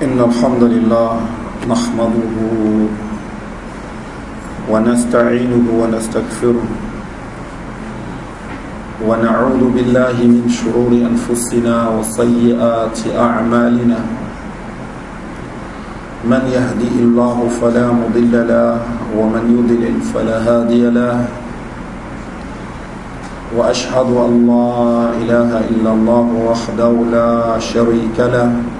إن الحمد لله نحمده ونستعينه ونستغفره ونعوذ بالله من شرور أنفسنا وسيئات أعمالنا من يهدي الله فلا مضل له ومن يضلل فلا هادي له وأشهد أن لا إله إلا الله وحده لا شريك له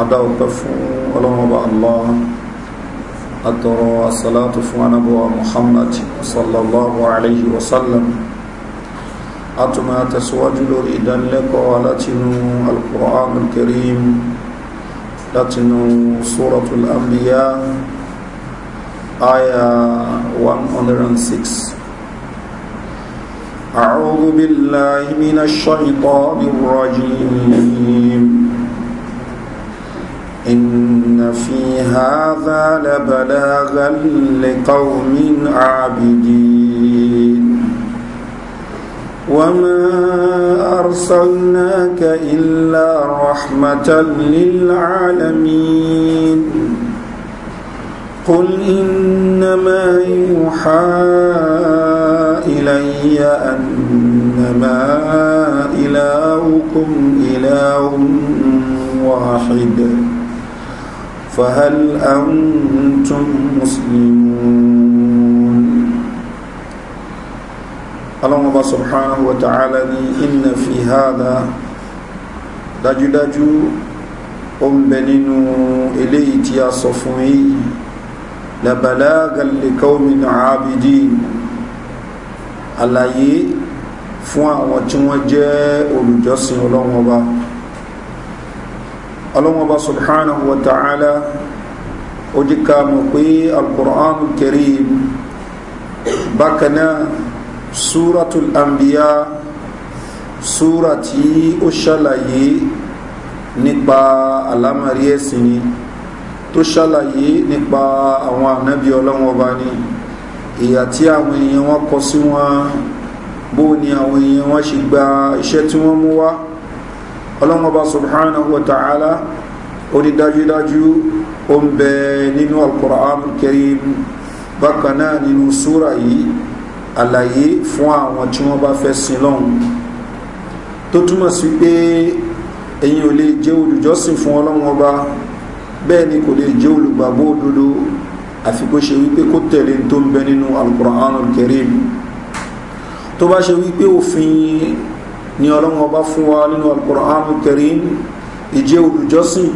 adáwọ̀pẹ́ fún ọlọ́mọba allah atọrọ asalatu fún anábọ̀wá muhammad sallallahu alayhi wa sallam atuma tẹ̀síwájú lórí ìdánilẹ́kọ̀ọ́ látinú alkur'an alkarim látinú suratul anbiya aya 106 أعوذ بالله من الشيطان الرجيم في هذا لبلاغا لقوم عابدين وما أرسلناك إلا رحمة للعالمين قل إنما يوحى إلي أنما إلهكم إله واحد فهل أنتم مسلمون اللهم سبحانه وتعالى إن في هذا dájúdájú ó ń bẹ nínú eléyìí tí a sọ fún yìí labalagan li qawmin abidin àlàyé fún àwọn tí wọ́n jẹ́ olùjọ́sìn ọlọ́wọ́n ọba ọlọ́mọba subhanahu wa ta'ala ó jí ká mọ̀ pé al-Qur'an al-Karim bákan náà suratul anbiya súra tí ó ṣàlàyé nípa àlámàrí ẹ̀sìn ni tó ṣàlàyé nípa àwọn ànábì ọlọ́wọ́n ni ìyà tí àwọn èèyàn wọn kọ sí wọn bó ni àwọn èèyàn wọn ṣe gba iṣẹ́ tí wọ́n mú wá ọlọ́mọba subhanahu wa ta'ala ó ní dájúdájú ó ń bẹ nínú al-Qur'an al-Karim bákan náà nínú súra yìí àlàyé fún àwọn tí wọ́n bá fẹ́ sin lọ́hùn tó túmọ̀ sí pé ẹ̀yin ò lè jẹ́ olùjọ́sìn fún ọlọ́run bẹ́ẹ̀ ni kò lè jẹ́ olùgbàgbọ́ òdodo àfi kó ṣe wípé kó tẹ̀lé tó ń bẹ nínú al-Qur'an tó bá ṣe wípé òfin ní ọlọ́run ọba fún wa nínú alukọ̀rọ̀hánù kẹrin ìjẹ́ olùjọ́sìn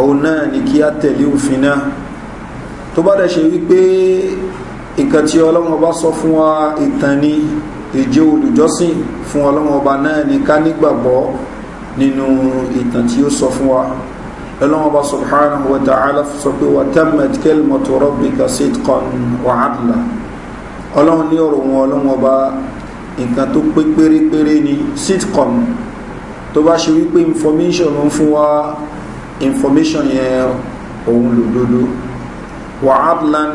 òun náà ni kí á tẹ̀lé òfin náà tó bá dẹ̀ ṣe wípé nǹkan tí ọlọ́run ọba sọ fún wa ìtàn ni ìjẹ́ olùjọ́sìn fún ọlọ́run ọba náà ni ká nígbàgbọ́ nínú ìtàn tí ó sọ fún wa ọlọ́run ọba subhanahu wa sọ pé wa tammet kelmatu rabbika sitqan wa adla ọlọ́run ní ọ̀rọ̀ wọn ọlọ́run ọba nǹkan tó pé pérépéré ni sitcom tó bá ṣe wípé information ló ń fún wa information yẹn òun lòdodo wàhálàn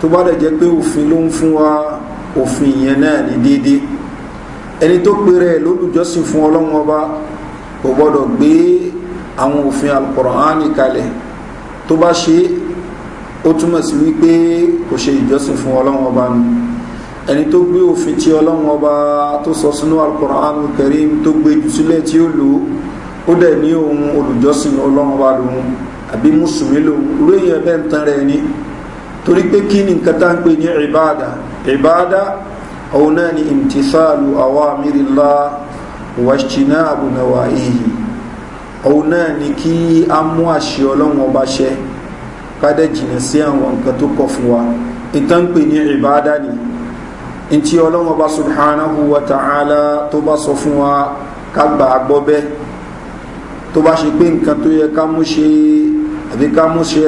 tó bá dẹ̀ jẹ́ pé òfin ló ń fún wa òfin yẹn náà ní déédéé ẹni tó péré ẹ̀ lólùjọ́sìn fún ọlọ́run ọba kò gbọ́dọ̀ gbé àwọn òfin alukọ̀rọ̀hánì kalẹ̀ tó bá ṣe ó túmọ̀ sí wípé kò ṣe ìjọsìn fún ọlọ́run ọba nù ẹni tó gbé òfin tí ọlọ́run ọba tó sọ sínú alukoran kẹrin tó gbé jù sílẹ̀ tí ó lò ó dẹ̀ ní ohun olùjọ́sìn ọlọ́run ọba lòun àbí mùsùlùmí lòun orí èèyàn bẹ́ẹ̀ ń tan rẹ̀ ni torí pé kí ni nǹkan tá ń pè ní ìbáàdà ìbáàdà òun náà ni ìmtìsáàlù àwa mìírìlá wàṣìnà àbùnàwà èyí òun náà ni kí a mú àṣẹ ọlọ́run ọba ṣẹ ká dẹ̀ jìnà sí àwọn nǹkan tó kọ fún wa ìtàn pè ní ìbáàdà ni ntí ọlọ́wọ́n bá subhanahu wa ta'ala tó bá sọ fún wa ká gbà á gbọ́ bẹ́ẹ̀ tó bá ṣe pé nǹkan tó yẹ ká mú ṣe àbí ká mú ṣe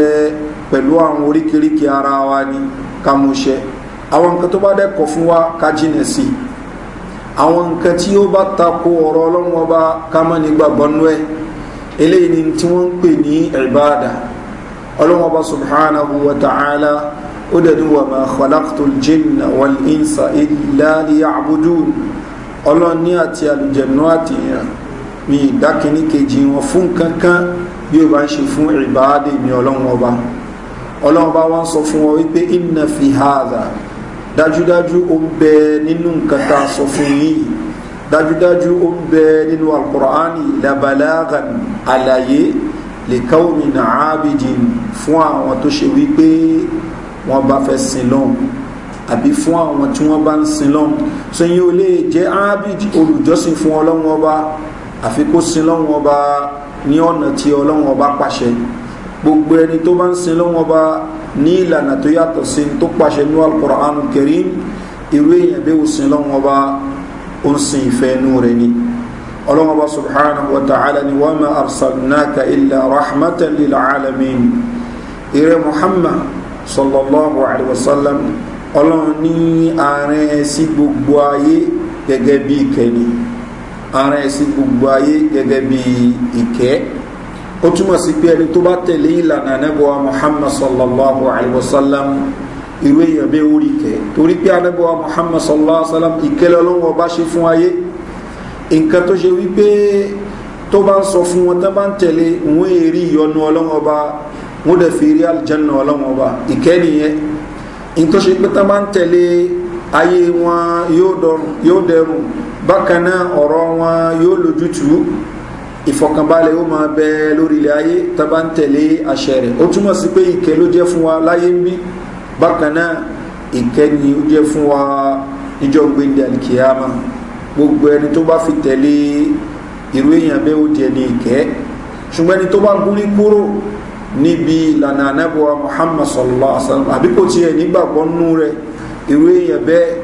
pẹ̀lú àwọn oríkèéríkèé ara wa ni ká mú ṣe àwọn nǹkan tó bá dẹ́kọ̀ fún wa ká jìnà sí àwọn nǹkan tí ó bá tako ọ̀rọ̀ ọlọ́run ọba ká má ní gbàgbọ́ nú ẹ̀ eléyìí ni tí wọ́n ń pè ní ìbáàdà ọlọ́run ọba subhanahu wa ta'ala ó dẹ̀ ní wàmà khalaqtul jinna wal insa illa liya'budun ọlọ́ni àti àlùjẹ̀nú àti èèyàn mi ìdákiní kejì wọn fún kankan bí ó bá ń ṣe fún ìbáadé mi ọlọ́run ọba ọlọ́run ọba wọn sọ fún wọn wípé inna dájúdájú ó ń bẹ nínú alkùránì labalagan àlàyé lè káwọn mi nà fún àwọn tó ṣe wípé wọ́n bá fẹ́ sin lọ́hùn àbí fún àwọn tí wọ́n bá ń sin lọ́hùn so yín ò lè jẹ́ abid olùjọ́sìn fún ọlọ́run ọba àfi kó sin lọ́hùn ọba ní ọ̀nà tí ọlọ́run ọba pàṣẹ gbogbo ẹni tó bá ń sin lọ́wọ́ ọba ní ìlànà tó yàtọ̀ sí tó pàṣẹ ní alukoran kẹrin irú èèyàn bí ó sin lọ́wọ́ ọba ó ń sin ìfẹ́ inú rẹ̀ ni ọlọ́wọ́ ọba subhanahu wa ta'ala ni wọ́n máa arsalnaka ilẹ̀ rahmatan lil alamin ire muhammad sallallahu alayhi wa sallam ọlọ́run ní ààrẹ sí gbogbo ayé gẹ́gẹ́ bí ìkẹ́ni ààrẹ sí gbogbo ayé gẹ́gẹ́ bí ìkẹ́ ó túmọ̀ sí pé ẹni tó bá tẹ̀lé ìlànà anábọ̀wá muhammad sallallahu alayhi wa sallam irú èèyàn bẹ́ẹ̀ ó rí kẹ́ torí pé anábọ̀wá muhammad sallallahu alayhi wa sallam ìkẹ́lẹ́ ọlọ́run ọba ṣe fún ayé nǹkan tó ṣe wípé tó bá ń sọ fún wọn tó bá ń tẹ̀lé òun èrè ìyọnu ọlọ́run ọba wọ́n dẹ̀ fi rí aljanna ọlọ́wọ́n ọba ìkẹ́ nìyẹn in tó ṣe pé tá bá ń tẹ̀lé ayé wọn yóò dẹrùn bákan náà ọ̀rọ̀ wọn yóò lójútùú ìfọkànbalẹ̀ ó máa bẹ lórí ilẹ̀ ayé tá bá ń tẹ̀lé àṣẹ rẹ̀ ó túmọ̀ sí pé ìkẹ́ ló jẹ́ wa láyé ń bí bákan náà ìkẹ́ ni ó jẹ́ fún wa níjọ́ gbẹ̀ndẹ̀ alikiyama gbogbo ẹni tó bá fi tẹ̀lé irú èèyàn bẹ́ẹ̀ ó di ẹni ìkẹ́ ṣùgbọ́n ẹni tó bá gúnlé níbi ìlànà anábọ̀wá muhammad sallallahu alaihi wa sallam àbí kò tiẹ̀ nígbàgbọ́ nú rẹ̀ ìwé èèyàn bẹ́ẹ̀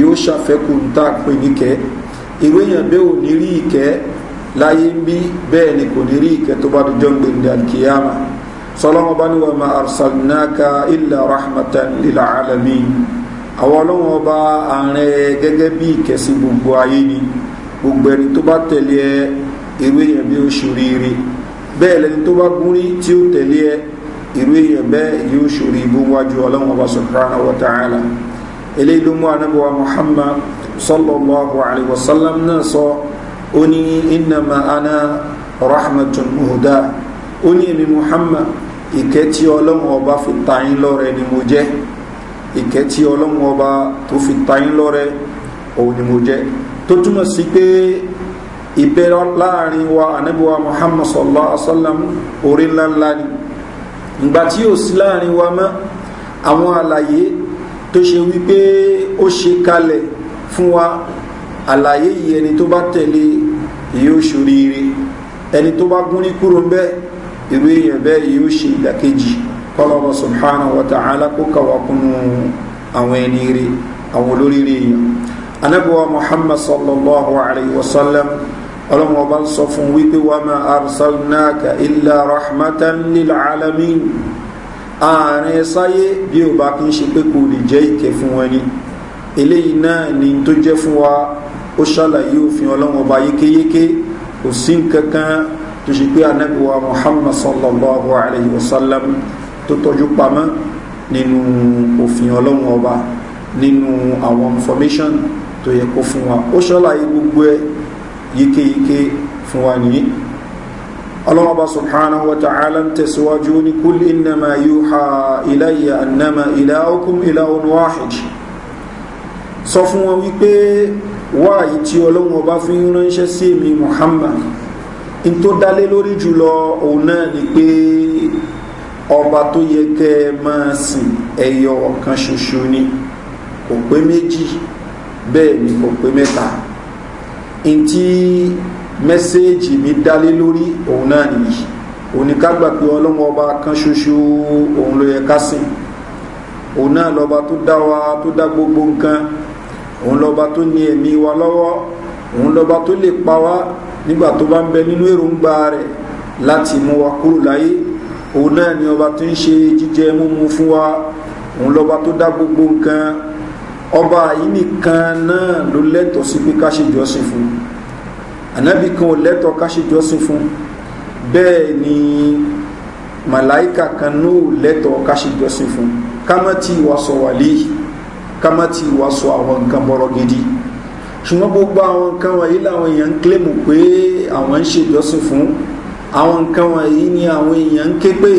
yóò ṣàfẹ́kù ń tà pé níkẹ́ ìwé èèyàn bẹ́ẹ̀ ò ní rí ìkẹ́ láyé ń bí bẹ́ẹ̀ ni kò ní rí ìkẹ́ tó bá dojọ́ ń gbé ní alkiyama sọlọ́wọ́n bá ní wọ́n ma arsalnaka illa rahmatan lila alamin àwọn ọlọ́wọ́n bá ààrẹ gẹ́gẹ́ bí ìkẹ́sí gbogbo ayé ni gbogbo ẹni tó bá tẹ̀lé ìwé èèyàn bí ó ṣoríire bẹ́ẹ̀ lẹni tó bá gún rí tí ó tẹ̀lé ẹ irú èèyàn bẹ́ẹ̀ yóò ṣòro ìbú wájú ọlọ́run ọba subhanahu wa ta'ala eléyìí ló mú anábọ̀wá muhammad sallallahu alayhi wa sallam náà sọ ó ní innama ọlọ́run ọba fi ta lọ́rẹ ni mo jẹ́ ìkẹ́ ọlọ́run ọba tó fi ta lọ́rẹ òun ni mo jẹ́ tó túmọ̀ sí pé ìbẹ́ láàrin wa anábíwa muhammad sallallahu alaihi wa sallam orí ńláńlá ni ìgbà tí ò sí láàrin wa mọ́ àwọn àlàyé tó ṣe wípé ó ṣe kalẹ̀ fún wa àlàyé yìí ẹni tó bá tẹ̀lé yóò ṣoríire ẹni tó bá gún ní kúrò bẹ́ ìwé èèyàn bẹ́ẹ̀ yóò ṣe ìdàkejì kọlọ́wọ́ subhana wa ta'ala kó kàwákùnú àwọn ẹni rí àwọn olóríire èèyàn anábíwá muhammad sallallahu alaihi wasallam ọlọ́run ọba ń sọ fún wípé wà máa arsalnaka illa rahmatan lil alamin ààrin sáyé bí ò bá kí ń ṣe pé kò lè jẹ́ ìkẹ́ fún wọn ni eléyìí náà ni tó jẹ́ fún wa ó ṣàlàyé òfin ọlọ́run ọba yékéyéké kò sí nǹkan tó ṣe pé anábìwá muhammad sallallahu alayhi wa sallam tó tọ́jú pamọ́ nínú òfin ọlọ́run ọba nínú àwọn information tó yẹ kó fún wa ó ṣàlàyé gbogbo ẹ̀ yíkéyíké fún wa nìyí ọlọ́wọ́ bá subhanahu wa ta'ala ń tẹ̀síwájú ní kúl innama yúha iláyà annama ìlàókùn ìlàún wáhid sọ fún wọn wípé wáyí tí ọlọ́wọ́ bá fi ń ránṣẹ́ sí mi muhammad in tó dálé lórí jùlọ òun náà ni pé ọba tó yẹ kẹ́ máa sìn ẹyọ ọ̀kan ṣoṣo ni kò pé méjì bẹ́ẹ̀ ni kò pé mẹ́ta ntí mẹ́sẹ́ẹ̀jì mi dálé lórí òun náà nìyí òun ni ká gbà pé ọlọ́mọ ọba kan ṣoṣo òun ló yẹ ká sìn òun náà lọ́ba tó dá wa tó dá gbogbo nǹkan òun lọ́ba tó ní ẹ̀mí wa lọ́wọ́ òun lọ́ba tó lè pa wá nígbà tó bá ń bẹ nínú èròǹgbà rẹ̀ láti mú wa kúrò láyé òun náà ni ọba tó ń ṣe jíjẹ múmu fún wa òun lọ́ba tó dá gbogbo nǹkan ọba yìí nìkan náà ló lẹ́tọ̀ọ́ sí pé ká ṣe jọ́sìn fún ànábì kan ò lẹ́tọ̀ọ́ ká ṣe jọ́sìn fún bẹ́ẹ̀ ni màláìkà kan náà ò lẹ́tọ̀ọ́ ká ṣe jọ́sìn fún ká má ti wá sọ wà léyìí ká má ti wá sọ àwọn nǹkan bọ́rọ̀ gidi ṣùgbọ́n gbogbo àwọn nǹkan wọ̀nyí làwọn èèyàn ń kílèmù pé àwọn ń ṣèjọ́sìn fún àwọn nǹkan wọ̀nyí ni àwọn èèyàn ń ké pé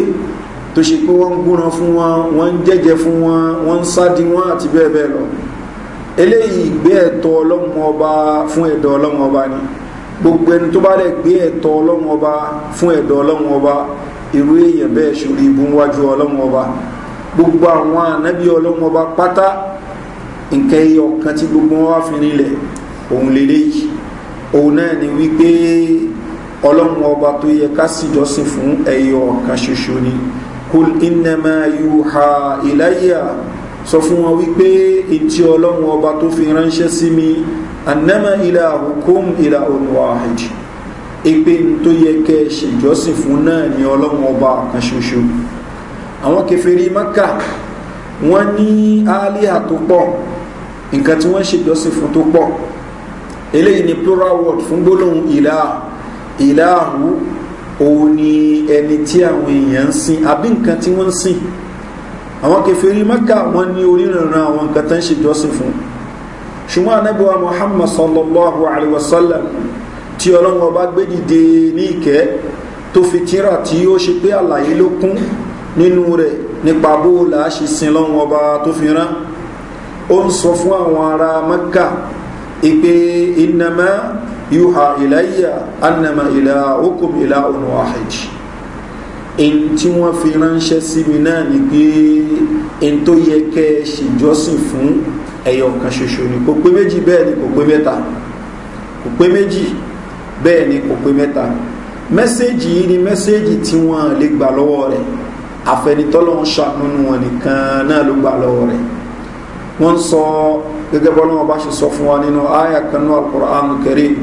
tó ṣe pé wọ́n ń gúnra fún wọn wọ́n ń jẹ́jẹ́ fún wọn wọ́n ń sádi wọn àti bẹ́ẹ̀ bẹ́ẹ̀ lọ eléyìí gbé ẹ̀tọ́ ọlọ́run ọba fún ẹ̀dọ̀ ọlọ́run ọba ni gbogbo ẹni tó bá dẹ̀ gbé ẹ̀tọ́ ọlọ́run ọba fún ẹ̀dọ̀ ọlọ́run ọba irú èèyàn bẹ́ẹ̀ ṣòro ìbú wájú ọlọ́run ọba gbogbo àwọn ànábì ọlọ́run ọba pátá nǹkan ẹyọ kan tí gbogbo wọn wá fi rinlẹ̀ òun lélẹ́yìí òun náà ni wípé ọlọ́run ọba tó yẹ ká síjọ́sìn fún ẹyọ kan ṣoṣo ni kul innama yuha ilayya sọ fún wọn wípé etí ọlọ́run ọba tó fi ránṣẹ́ sí mi annama ilahukum ilahun wahid ipe tó yẹ kẹ́ ẹ ṣèjọ́sìn fún náà ni ọlọ́run ọba kan ṣoṣo àwọn kẹfẹ́rí maka wọ́n ní aliha tó pọ̀ nǹkan tí wọ́n ṣèjọ́sìn fún tó pọ̀ eléyìí ni plural word fún gbólóhùn ìlà ìlàhù òun ni ẹni tí àwọn èèyàn ń sin àbí nǹkan tí wọ́n ń sìn àwọn kẹfẹ́rí mẹ́kà wọn ní oríranran àwọn nǹkan tó ń ṣe jọ́sìn fún ṣùgbọ́n anábíwá muhammad sallallahu alayhi wa sallam tí ọlọ́run ọba gbé dìde ní ìkẹ́ tó fi tíra tí ó ṣe pé àlàyé ló kún nínú rẹ̀ nípa bó la ṣe sin lọ́run ọba tó fi rán ó ń sọ fún àwọn ará mẹ́kà ìpè ìnàmẹ́ yóò ilayya annama ilá okùn ilá ọ̀nà àhẹjì in tí wọ́n fi ránṣẹ́ sí mi náà ni pé in tó yẹ kẹ́ ẹ ṣèjọ́sìn fún ẹ̀yọ̀ kan ṣoṣo ni kò pé méjì bẹ́ẹ̀ ni kò pé mẹ́ta kò pé méjì bẹ́ẹ̀ ni kò pé mẹ́ta mẹ́sẹ́ẹ̀jì yìí ni mẹ́sẹ́ẹ̀jì tí wọ́n lè gbà lọ́wọ́ rẹ̀ àfẹnitọ́lọ́ ń ṣàánú wọn nìkan náà ló gbà lọ́wọ́ rẹ̀ wọ́n sọ gẹ́gẹ́ bọ́lá bá ṣe sọ fún wa nínú àyà kan náà alukur'an kẹrin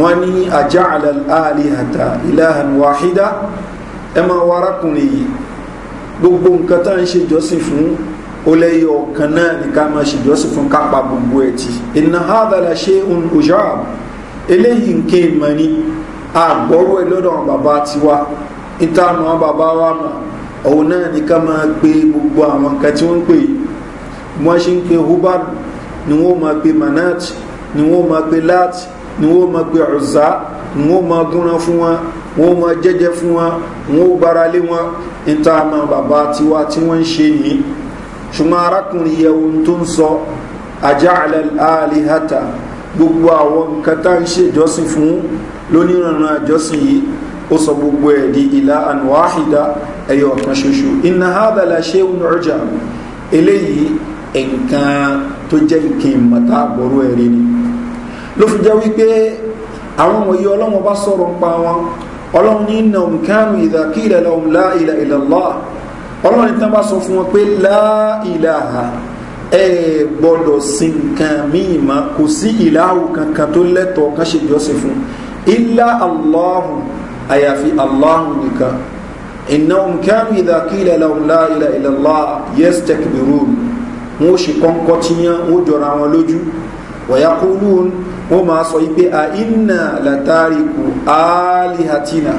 wọ́n ní ajá àlàlì àtà ìlàhàn wàhídá ẹ máa wá arákùnrin yìí gbogbo nǹkan tá à ń ṣèjọ́sìn fún ó lẹ́yìn ọ̀kan náà ní ká máa ṣèjọ́sìn fún kápá gbogbo ẹ̀ tì ìnà hádàlà ṣe ń òjá eléyìí nǹkan ìmọ̀ ni àgbọ̀rú ẹ lọ́dọ̀ àwọn bàbá tiwa níta àwọn bàbá wa mọ̀ òun náà ní ká máa gbé gbogbo àwọn nǹkan tí wọ́n pè wọ́n ṣe ń pe hubal ni wọ́n máa pe manat ni wọ́n máa pe láti ni wọ́n máa pe ọ̀zá ni wọ́n máa gúnran fún wọn wọ́n máa jẹ́jẹ́ fún wọn wọ́n gbára lé wọn níta àmọ́ bàbá tiwa tí wọ́n ń ṣe ní ṣùgbọ́n arákùnrin yẹ ohun tó ń sọ ajá àlẹ́ hàtà gbogbo àwọn nǹkan tá ń ṣe ìjọsìn fún lóníranran àjọsìn yìí ó sọ gbogbo ẹ̀ di ìlà ànúwáhìdá ẹ̀yọ ọ̀kan ṣoṣo iná hábàlá ṣé ń rọjà eléyìí nǹkan tó jẹ́ nǹkan ìmọ̀ta àbọ̀rọ̀ ẹ̀rí ni ló fi jẹ́ wípé àwọn wọ̀nyí ọlọ́wọ́n bá sọ̀rọ̀ ń pa wọn ọlọ́run ní nà òmìkánu ìdàkí ilẹ̀ lọ́hùn láìlà ìlàlá ọlọ́run ní tán bá sọ fún wọn pé láìlàhà ẹ gbọ́dọ̀ sin nǹkan míì má kò sí ìlàhù kankan tó lẹ́tọ̀ọ́ kan ṣe jọ́sìn fún ilá aláhù àyàfi aláhù nìkan ìnà òmìkánu ìdàkí ilẹ̀ lọ́hùn láìlà ìlàlá yẹ́sì wọ́n máa sọ yí pé a iná látàríkù alihatina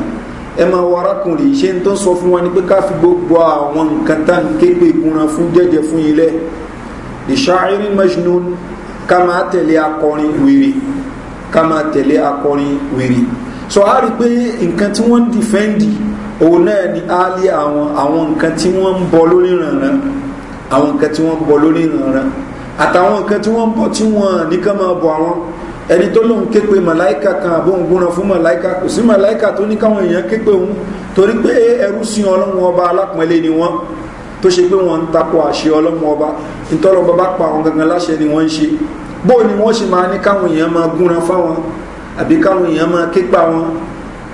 ẹ máa wọ arákùnrin ṣé ń tó sọ fún wa ni pé ká fi gbogbo àwọn nǹkan tá à ń képe ìkunra fún jẹ́jẹ́ fún ilẹ̀ ìṣááírí majnun ká máa tẹ̀lé akọrin wèrè ká máa tẹ̀lé akọrin wèrè sọ á rí i pé nǹkan tí wọ́n ń dìfẹ́ǹdì òun náà ni áálí àwọn àwọn nǹkan tí wọ́n ń bọ lórí ìrànràn àwọn nǹkan tí wọ́n ń bọ lórí ìrànràn àtàwọn nǹkan tí wọ́n ń bọ tí wọ́n nìkan máa bọ àwọn ẹni tó lóun ké pe màláìka kan àbóhun gbóná fún màláìka kò sí màláìka tó ní káwọn èèyàn ké òun torí pé ẹrú sin ọlọ́run ọba alápọ̀nlé ni wọ́n tó ṣe pé wọ́n ń takò àṣẹ ọlọ́run ọba ìtọ́lọ́ bàbá pa àwọn gangan láṣẹ ni wọ́n ń ṣe bó ni wọ́n ṣe máa ní káwọn èèyàn máa gúnra fáwọn àbí káwọn èèyàn máa ké pa wọn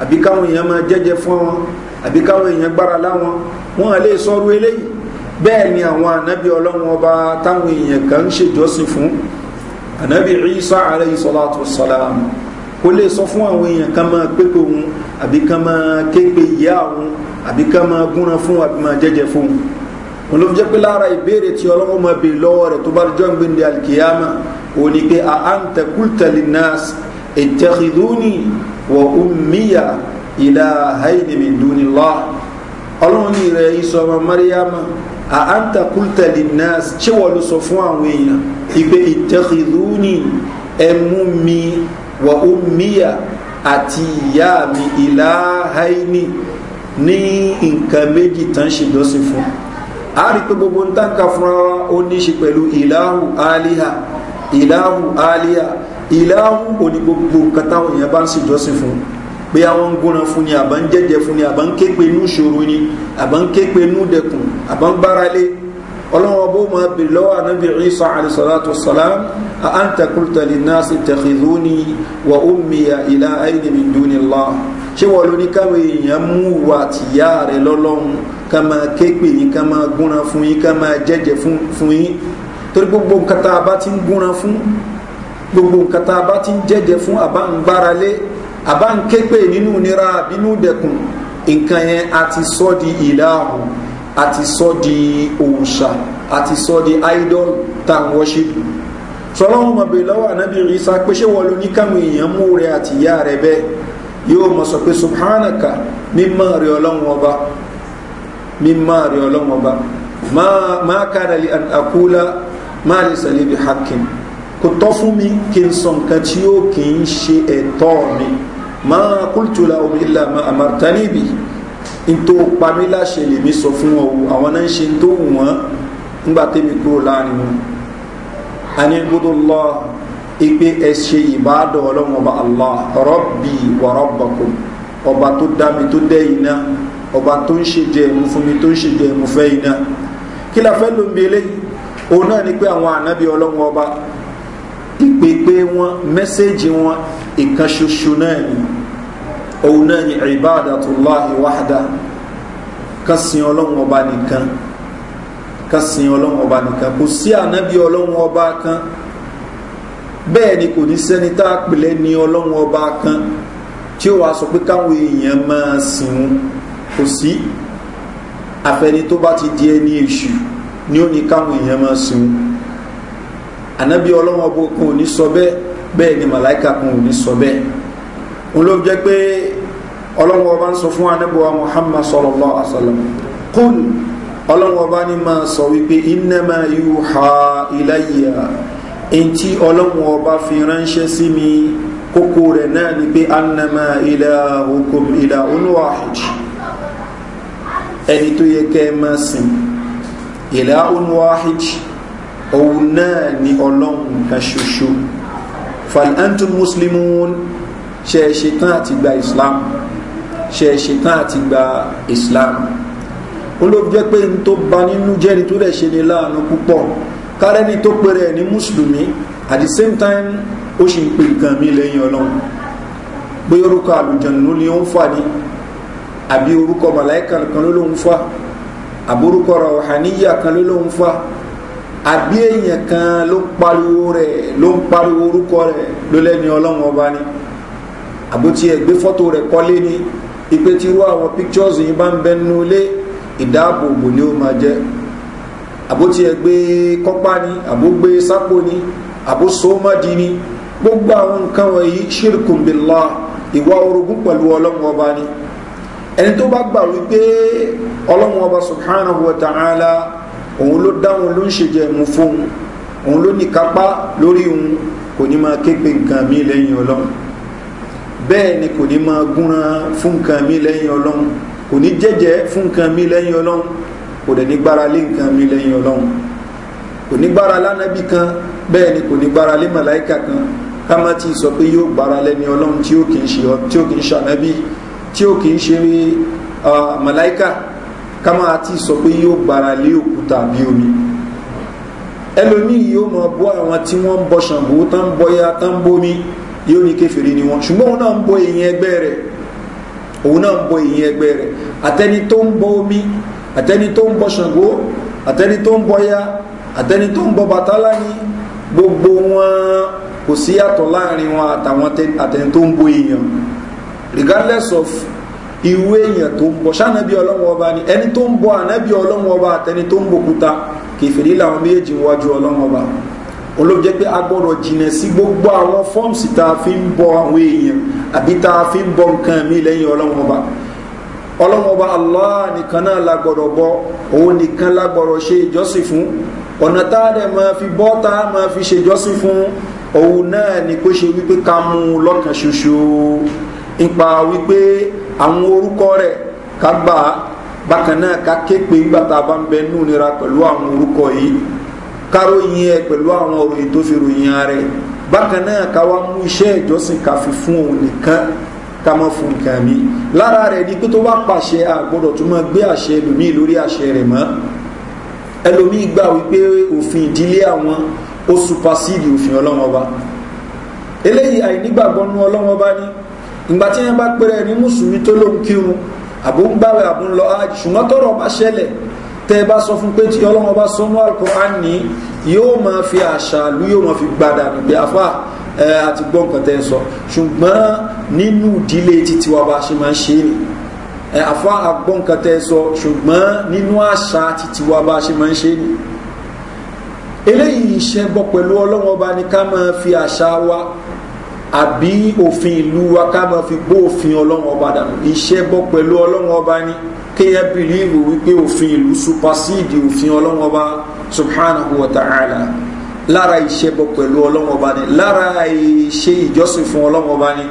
àbí káwọn èèyàn máa jẹ́jẹ́ fún wọn àbí káwọn èèyàn gbára láwọn wọn lè sọrú eléyìí bẹ́ẹ̀ ni àwọn ànábì ọlọ́run ọba táwọn èèyàn kan ń ṣèjọ́sìn fún anabi isa alayhi salatu wa salam kó lè sọ fún àwọn èèyàn kan máa pépè òun àbí kan máa képe ìyá òun àbí kan máa gúnran fún àbí máa jẹjẹ fún òun ló fi jẹ́ pé lára ìbéèrè tí ọlọ́wọ́ máa bèèrè lọ́wọ́ rẹ̀ tó bá jọ́ ń gbé ní alkiyama òun ni pé àáńtẹ kúltẹ̀lì nas ìtẹ̀kìdúnì wọ ummiya ìlà haidimi dúnilá ọlọ́run ní rẹ̀ ìsọmọ mariama a anta kulta linnas ṣé wọ́n ló sọ fún àwọn èèyàn ìpè ìtẹ́kìlúni ẹmú mi wà ó míyà àti mi ìlà haini ní nǹkan méjì tán ṣe dọ́sìn fún a rí pé gbogbo ń tànká fúnra wa ó ní ṣe pẹ̀lú ìlàhù aliha ìlàhù aliha ìlàhù onígbogbo nǹkan táwọn èèyàn bá ń ṣèjọ́sìn fún un pé àwọn ń gúnran fún ni àbá ń jẹ́jẹ́ fún ni àbá ń képe inú ìṣòro ni àbá ń képe inú dẹkùn àbá ń gbáralé ọlọ́wọ́n bó máa bèrè lọ́wọ́ anábì isa alayhisalatu salam a an takulta lè náà ni wa ó miya ilá mi dúni lọ ṣé wọ́n lóní káwé èèyàn mú wa tìyá rẹ̀ lọ́lọ́run ká máa képe yín ká máa gúnran fún yín ká máa jẹ́jẹ́ fún yín torí gbogbo nǹkan tá a bá ti ń gúnran fún gbogbo nǹkan tá a bá ti ń jẹ́jẹ́ fún àbá ń gbára lé àbá ń ké pé nínú nira bínú dẹkùn nǹkan yẹn a ti sọ di ìlàhùn a ti sọ di òòṣà a ti sọ di idol tan worship sọlọ́wọ́n mọ̀bẹ̀ lọ́wọ́ ànábì Ìsá pé ṣé wọ́n lo ní káwọn èèyàn mú rẹ àti ìyá rẹ bẹ́ẹ̀ yóò mọ̀ sọ pé subhanaka mímọ́ rẹ ọlọ́wọ́n ọba mímọ́ rẹ ọlọ́wọ́n ọba máa kára lè àkúlá máa lè sàlẹ̀ bí hakim kò tọ́ fún mi kí n sọ nǹkan tí ó kì í ṣe ẹ̀tọ́ mi ma kultu lahum illa ma amartani bi ntó pamílà ṣe lèmi sọ fún wọn o àwọn náà ń ṣe tó wù wọn ńgbà tẹ́mi kúrò láàrin wọn ani gbọdọ lọ ipe ẹsẹ ìbádọ ọlọrun ọba allah rọbì wàrọbàkùn ọba tó dá mi tó dẹ iná ọba tó ń ṣe jẹ ẹmu fún mi tó ń ṣe jẹ ẹmu fẹ iná kí la fẹ́ ló ń bi eléyìí òun náà ni pé àwọn ànábi ọlọrun ọba ìpèpè wọn mẹ́sẹ́jì wọn ìkan ṣoṣo náà ni òun náà ni ibadatullahi wahda kásìn ọlọ́run ọba nìkan kásìn ọlọ́run ọba nìkan kò sí ànábì ọlọ́run ọba kan bẹ́ẹ̀ ni kò ní sẹ́ni tá a pèlẹ́ ní ọlọ́run ọba kan tí ó wàá sọ pé káwọn èèyàn máa sìn wọn kò sí àfẹni tó bá ti di ẹni èṣù ni ó ní káwọn èèyàn máa sìn wọn anabi ọlọ́wọ́n bó kún òní sọ bẹ́ẹ̀ bẹ́ẹ̀ ni màláìka kún òní sọ bẹ́ẹ̀ n ló jẹ́ pé ọlọ́wọ́n ọba ń sọ fún anabi wa muhammad sallallahu alaihi wa sallam kún ọlọ́wọ́n ọba ni máa sọ wípé innama yuha ilayya eŋti ọlọ́wọ́n ọba fi ránṣẹ́ sí mi kókó rẹ̀ náà ni pé annama ilahukum ilahun wahid ẹni tó yẹ kẹ́ ẹ máa sìn ilahun wahid òun ni ọlọ́run kan ṣoṣo falantum muslimun ṣe é àti gba islam ṣe é àti gba islam olóògbé jẹ́ pé n tó ba nínú jẹ́ni tó rẹ̀ ṣe ni láàánú púpọ̀ kárẹ́ni tó pèrè ẹ̀ ní mùsùlùmí at the same time ó ṣe ń pè nǹkan mi lẹ́yìn ọlọ́run pé orúkọ àlùjọ̀nù ni ó ń fà ní àbí orúkọ màláìkà kan ló ló ń fà àbórúkọ ràwàníyà kan ló ló ń fà àbí èèyàn kan ló pariwo rẹ̀ ló ń pariwo orúkọ rẹ̀ ló lẹ́ni ọlọ́run ọba ni àbótí ẹ̀ gbé fọ́tò rẹ̀ kọ́lé ni ipe tí irú àwọn pictures yìí bá ń bẹ nínú ilé ìdáàbòbò ni ó máa jẹ àbótí ẹ gbé kọ́pá ni àbó gbé sápò ni àbó sọ́mọ́dì ni gbogbo àwọn nǹkan wọ̀nyí ṣírkùnbìlá ìwà orogún pẹ̀lú ọlọ́run ọba ni ẹni tó bá gbà wípé ọlọ́run ọba subhanahu wa ta'ala òun ló dáhùn ló ń ṣèjẹ mu fóun òun ló ní kápá lórí òun kò ní máa képe nǹkan mi lẹ́yìn ọlọ́run bẹ́ẹ̀ ni kò ní máa gúnran fún nǹkan mi lẹ́yìn ọlọ́run kò ní jẹ́jẹ́ fún nǹkan mi lẹ́yìn ọlọ́run kò dẹ̀ ní gbára lé nǹkan mi lẹ́yìn ọlọ́run kò ní gbára lánàbí kan bẹ́ẹ̀ ni kò ní gbára lé màláìka kan ká má ti sọ pé yóò gbára lẹ́ni ọlọ́run tí ó kì í ṣànábí tí ó kì í ṣe màláìka. Kama ati ti sọ pé yóò gbára lé òkúta bí omi ẹlòmíì yóò mọ bọ́ àwọn tí wọ́n bọ ṣàǹbó tán ń tán bómi yóò ní kéfèrè ni wọn ṣùgbọ́n òun náà ń bọ èèyàn ẹgbẹ́ rẹ̀ òun náà ń bọ èèyàn ẹgbẹ́ rẹ̀ àtẹni tó ń bọ omi àtẹni tó ń bọ ṣàǹbó àtẹni tó ń bọ àtẹni tó ń bọ bàtálá ní gbogbo wọn kò síyàtọ̀ láàrin wọn àtàwọn àtẹni tó ń bọ èèyàn regardless of iwu èèyàn tó ń bọ sànàbí ọlọ́wọ́ ọba ni ẹni tó ń bọ ànábí ọlọ́wọ́ ọba àtẹni tó ń bòkúta kẹfìrí làwọn méjèèjì wájú ọlọ́wọ́ ọba òun ló pé a sí gbogbo àwọn fọ́ọ̀mùsì tá a fi ń bọ àwọn èèyàn àbí tá fi ń bọ nǹkan mi lẹ́yìn ọlọ́wọ́ ọba ọlọ́wọ́ ọba allah nìkan náà la gbọ́dọ̀ bọ òun nìkan la gbọ́dọ̀ ṣe ìjọsìn fún ọ̀nà tá a fi bọ́ tá fi fún òun náà ni kó ṣe wípé ká mú un lọ́kàn àwọn orúkọ rẹ̀ ká gbà á bákan náà ká ké pé nígbà tá a bá ń bẹ nù nira pẹ̀lú àwọn orúkọ yìí ká ròyìn ẹ pẹ̀lú àwọn òròyìn tó fi ròyìn rẹ̀ bákan náà ká wá mú iṣẹ́ ìjọsìn ká fi fún òun nìkan ká mọ́ fún nǹkan mi lára rẹ̀ ni pé tó bá pàṣẹ àgbọ̀dọ̀ tó máa gbé àṣẹ ẹlòmíì lórí àṣẹ rẹ̀ mọ́ ẹlòmíì gbà wípé òfin ìdílé àwọn ó supasíìdì òfin ọlọ́mọba eléyìí àìnígbàgbọ́nú ọlọ́mọba ni ìgbà tí yẹn bá pẹ́rẹ́ ní mùsùlùmí tó ló ń kírun àbó ń gbáwẹ̀ àbó ń lọ ájì ṣùgbọ́n tọ́rọ̀ bá ṣẹlẹ̀ tẹ́ ẹ bá sọ fún pé tí ọlọ́wọ́n bá sọnú alukur'an ní yóò máa fi àṣà lu yóò máa fi gbadà níbi afá àti gbọ́ nǹkan tẹ́ ẹ sọ ṣùgbọ́n nínú ìdílé títí wa bá ṣe máa ń ṣe é afá àgbọ́ nǹkan tẹ́ ẹ sọ ṣùgbọ́n nínú àṣà títí wa bá ṣe máa ń ṣe é eléyìí iṣẹ́ bọ́ pẹ̀lú ọlọ́wọ́n bá ní ká máa fi àṣà wa àbí òfin ìlú wa ká máa fi gbó òfin ọlọ́run ọba dànù iṣẹ́ bọ́ pẹ̀lú ọlọ́run ọba ní kéèyàn bìlíìbù wípé òfin ìlú supasíìdì òfin ọlọ́run ọba subhanahu wa ta'ala lára iṣẹ́ bọ́ pẹ̀lú ọlọ́run ọba ní lára iṣẹ́ ìjọsìn fún ọlọ́run ọba ní